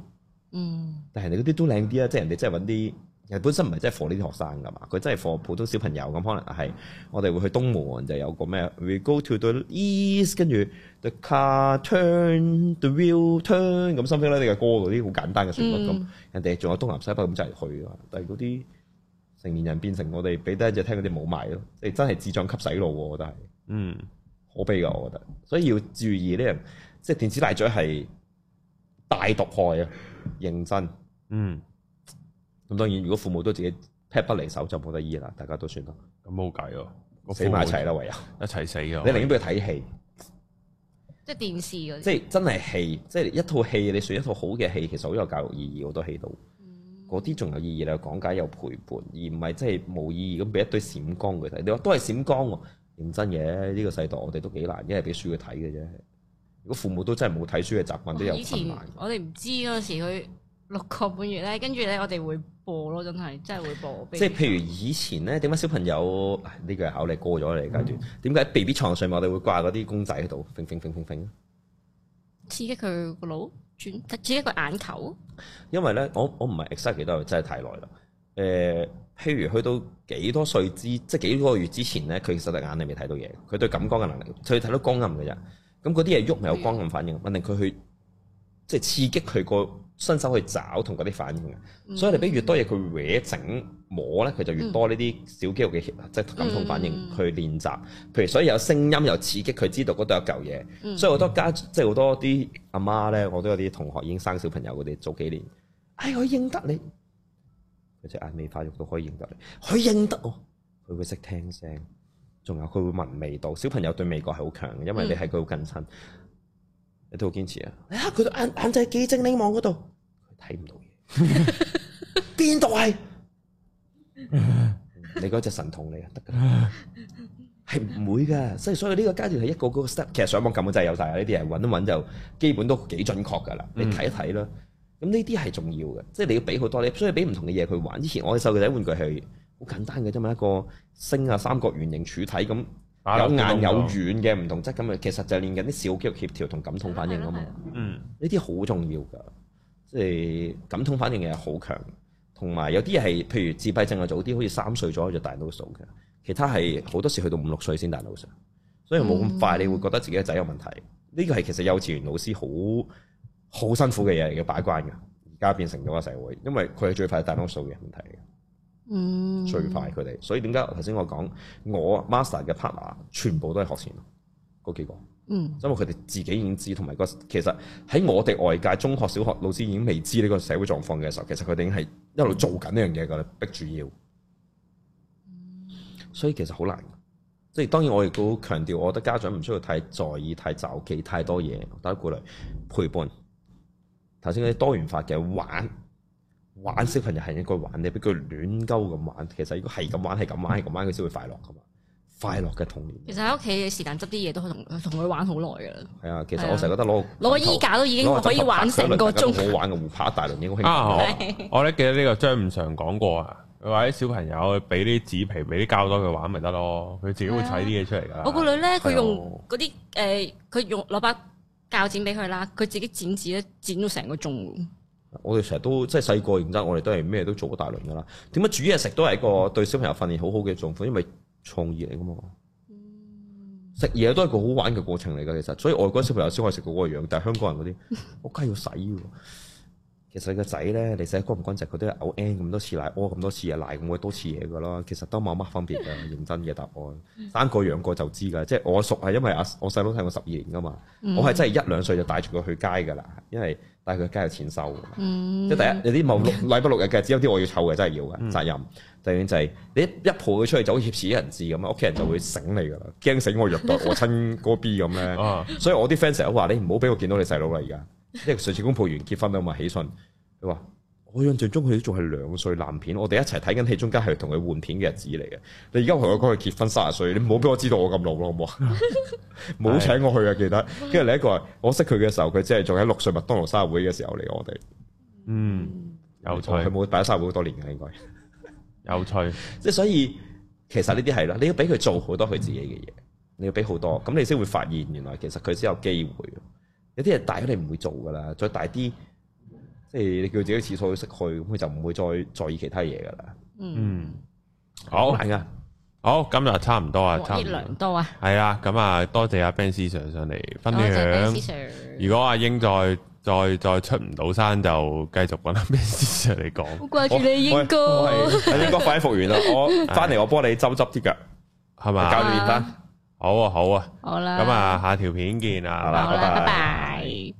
嗯，但係人哋嗰啲都靚啲啊！即係人哋真係揾啲，人，人本身唔係真係課呢啲學生噶嘛，佢真係課普通小朋友咁，可能係我哋會去東門就有個咩，We go to the east，跟住 the car turn，the wheel turn，咁 something like 嘅歌嗰啲好簡單嘅旋律咁，嗯、人哋仲有東南西北咁即係去啊！但係嗰啲成年人變成我哋俾得一隻聽嗰啲冇賣咯，誒真係智障級洗腦喎！我覺得係，嗯，可悲噶，我覺得，所以要注意呢，即係電子大嘴係。大毒害啊！認真，嗯，咁當然，如果父母都自己劈不離手就冇得醫啦，大家都算啦，咁冇計哦，死埋一齊啦，唯有一齊死嘅。你寧願俾佢睇戲，即係電視嗰啲，即係真係戲，即係一套戲。你選一套好嘅戲，其實好有教育意義，好多起到。嗰啲仲有意義咧，講解有陪伴，而唔係即係冇意義咁俾一堆閃光佢睇。你話都係閃光喎，認真嘅呢個世代，我哋都幾難，因為俾書佢睇嘅啫。如父母都真係冇睇書嘅習慣，哦、都有困難。以前我哋唔知嗰時佢六個半月咧，跟住咧我哋會播咯，真係真係會播。會播即係是譬如以前咧，點解小朋友呢、這個係考慮過咗你嘅階段？點解 B B 床上面我哋會掛嗰啲公仔喺度？叮叮叮叮叮刺激佢個腦，轉刺激個眼球。因為咧，我我唔係 exact 得，真係太耐啦。誒、呃，譬如去到幾多歲之即係幾多個月之前咧，佢其實對眼係未睇到嘢，佢對感光嘅能力，佢睇到光暗嘅啫。咁嗰啲嘢喐咪有光暗反應，問定佢去即係、就是、刺激佢個伸手去找同嗰啲反應嘅，所以你俾越多嘢佢搲整摸咧，佢就越多呢啲小肌肉嘅協，即、就、係、是、感痛反應去練習。譬如所以有聲音又刺激佢知道嗰度有嚿嘢，所以好多家即係好多啲阿媽咧，我都有啲同學已經生小朋友，佢哋早幾年，唉、哎，我認得你，佢隻眼未發育都可以認得你，佢認得我，佢會識聽聲。仲有佢會聞味道，小朋友對味覺係好強嘅，因為你係佢好近親，嗯、你都好堅持啊！佢、哎、眼眼仔幾精，你望嗰度睇唔到嘢，邊度係？你嗰隻神童嚟啊，得㗎，係唔 [laughs] 會嘅。所以所以呢個階段係一個一個 step。其實上網撳嘅就係有晒啊。呢啲人揾一揾就基本都幾準確㗎啦。嗯、你睇一睇啦。咁呢啲係重要嘅，即、就、係、是、你要俾好多你所以俾唔同嘅嘢佢玩。之前我哋細個仔玩具去。好簡單嘅啫嘛，一個星啊，三角圓形柱體咁，有硬有軟嘅唔同質咁啊，其實就練緊啲小肌肉協調同感統反應啊嘛。嗯，呢啲好重要噶，即係感統反應嘅係好強，同埋有啲嘢係，譬如自閉症嘅早啲，好似三歲左右就大腦掃嘅，其他係好多時去到五六歲先大腦掃，所以冇咁快，你會覺得自己嘅仔有問題。呢個係其實幼稚園老師好好辛苦嘅嘢，要把關噶。而家變成咗個社會，因為佢係最快大腦掃嘅問題。最快佢哋，所以點解頭先我講我 master 嘅 partner 全部都係學前嗰幾個，嗯，因為佢哋自己已經知，同埋個其實喺我哋外界中學、小學老師已經未知呢個社會狀況嘅時候，其實佢哋已經係一路做緊呢樣嘢㗎喇，逼住要，所以其實好難。即係當然我亦都強調，我覺得家長唔需要太在意、太找忌、太多嘢，帶過來陪伴。頭先嗰啲多元化嘅玩。玩，小朋友係應該玩，你俾佢亂鳩咁玩，其實如果係咁玩，係咁玩，係咁玩，佢先會快樂噶嘛。快樂嘅童年。其實喺屋企，嘅時間執啲嘢，都可同同佢玩好耐噶啦。係啊，其實我成日覺得攞攞個衣架都已經可以玩成個鐘，啊。好玩嘅護拍大輪應該興。啊好，我咧記得呢個張五常講過啊，佢話啲小朋友俾啲紙皮，俾啲膠袋佢玩咪得咯，佢自己會砌啲嘢出嚟噶、啊。我個女咧，佢、啊、用嗰啲誒，佢、呃、用攞把膠剪俾佢啦，佢自己剪紙咧，剪到成個鐘。我哋成日都即係細個認真，我哋都係咩都做過大輪噶啦。點解煮嘢食都係一個對小朋友訓練好好嘅狀況？因為創意嚟噶嘛。食嘢都係個好玩嘅過程嚟噶，其實。所以外國小朋友先可以食嗰個樣，但係香港人嗰啲，我梗係要洗。其實個仔咧，你洗乾唔乾淨，佢都係嘔 N 咁多次奶，屙咁多次嘢，奶，咁多次嘢噶啦。其實都冇乜分別嘅， [laughs] 認真嘅答案。生過養過就知噶。即係我熟係，因為阿我細佬睇我十二年噶嘛，我係真係一兩歲就帶住佢去街噶啦，因為。但係佢梗係有錢收嘅，嗯、即係第一有啲冇禮拜六日嘅，只有啲我要湊嘅，真係要嘅責任。第二、嗯、就係、是、你一抱佢出去就，就好似挾持人質咁啊！屋企人就會醒你噶啦，驚死我虐待 [laughs] 我親哥 B 咁咧。啊、所以我啲 friend 成日都話：你唔好俾我見到你細佬啦！而家即係上次公布完結婚啦嘛，起信係嘛？我印象中佢仲係兩歲爛片，我哋一齊睇緊戲，中間係同佢換片嘅日子嚟嘅。你而家同我講佢結婚三十歲，你唔好俾我知道我咁老咯，冇冇 [laughs] [laughs] 請我去啊？記得。跟住 [laughs] 另一個，我識佢嘅時候，佢只係仲喺六歲麥當勞生日會嘅時候嚟我哋。嗯，有趣，佢冇擺生日會好多年嘅應該。 [laughs] 有趣，即係所以其實呢啲係啦，你要俾佢做好多佢自己嘅嘢，你要俾好多，咁你先會發現原來其實佢先有機會。有啲嘢大咗你唔會做噶啦，再大啲。即係你叫自己廁所識去，咁佢就唔會再在意其他嘢噶啦。嗯，好，係啊，好，咁就差唔多啊，差唔多啊，係啊，咁啊，多謝阿 Ben Sir 上嚟分享。如果阿英再再再出唔到山，就繼續搵阿 Ben Sir 嚟講。好掛住你英哥，英哥快啲復原啦！我翻嚟我幫你執執啲腳，係咪？教練面單，好啊，好啊，好啦。咁啊，下條片見啊，好啦，拜拜。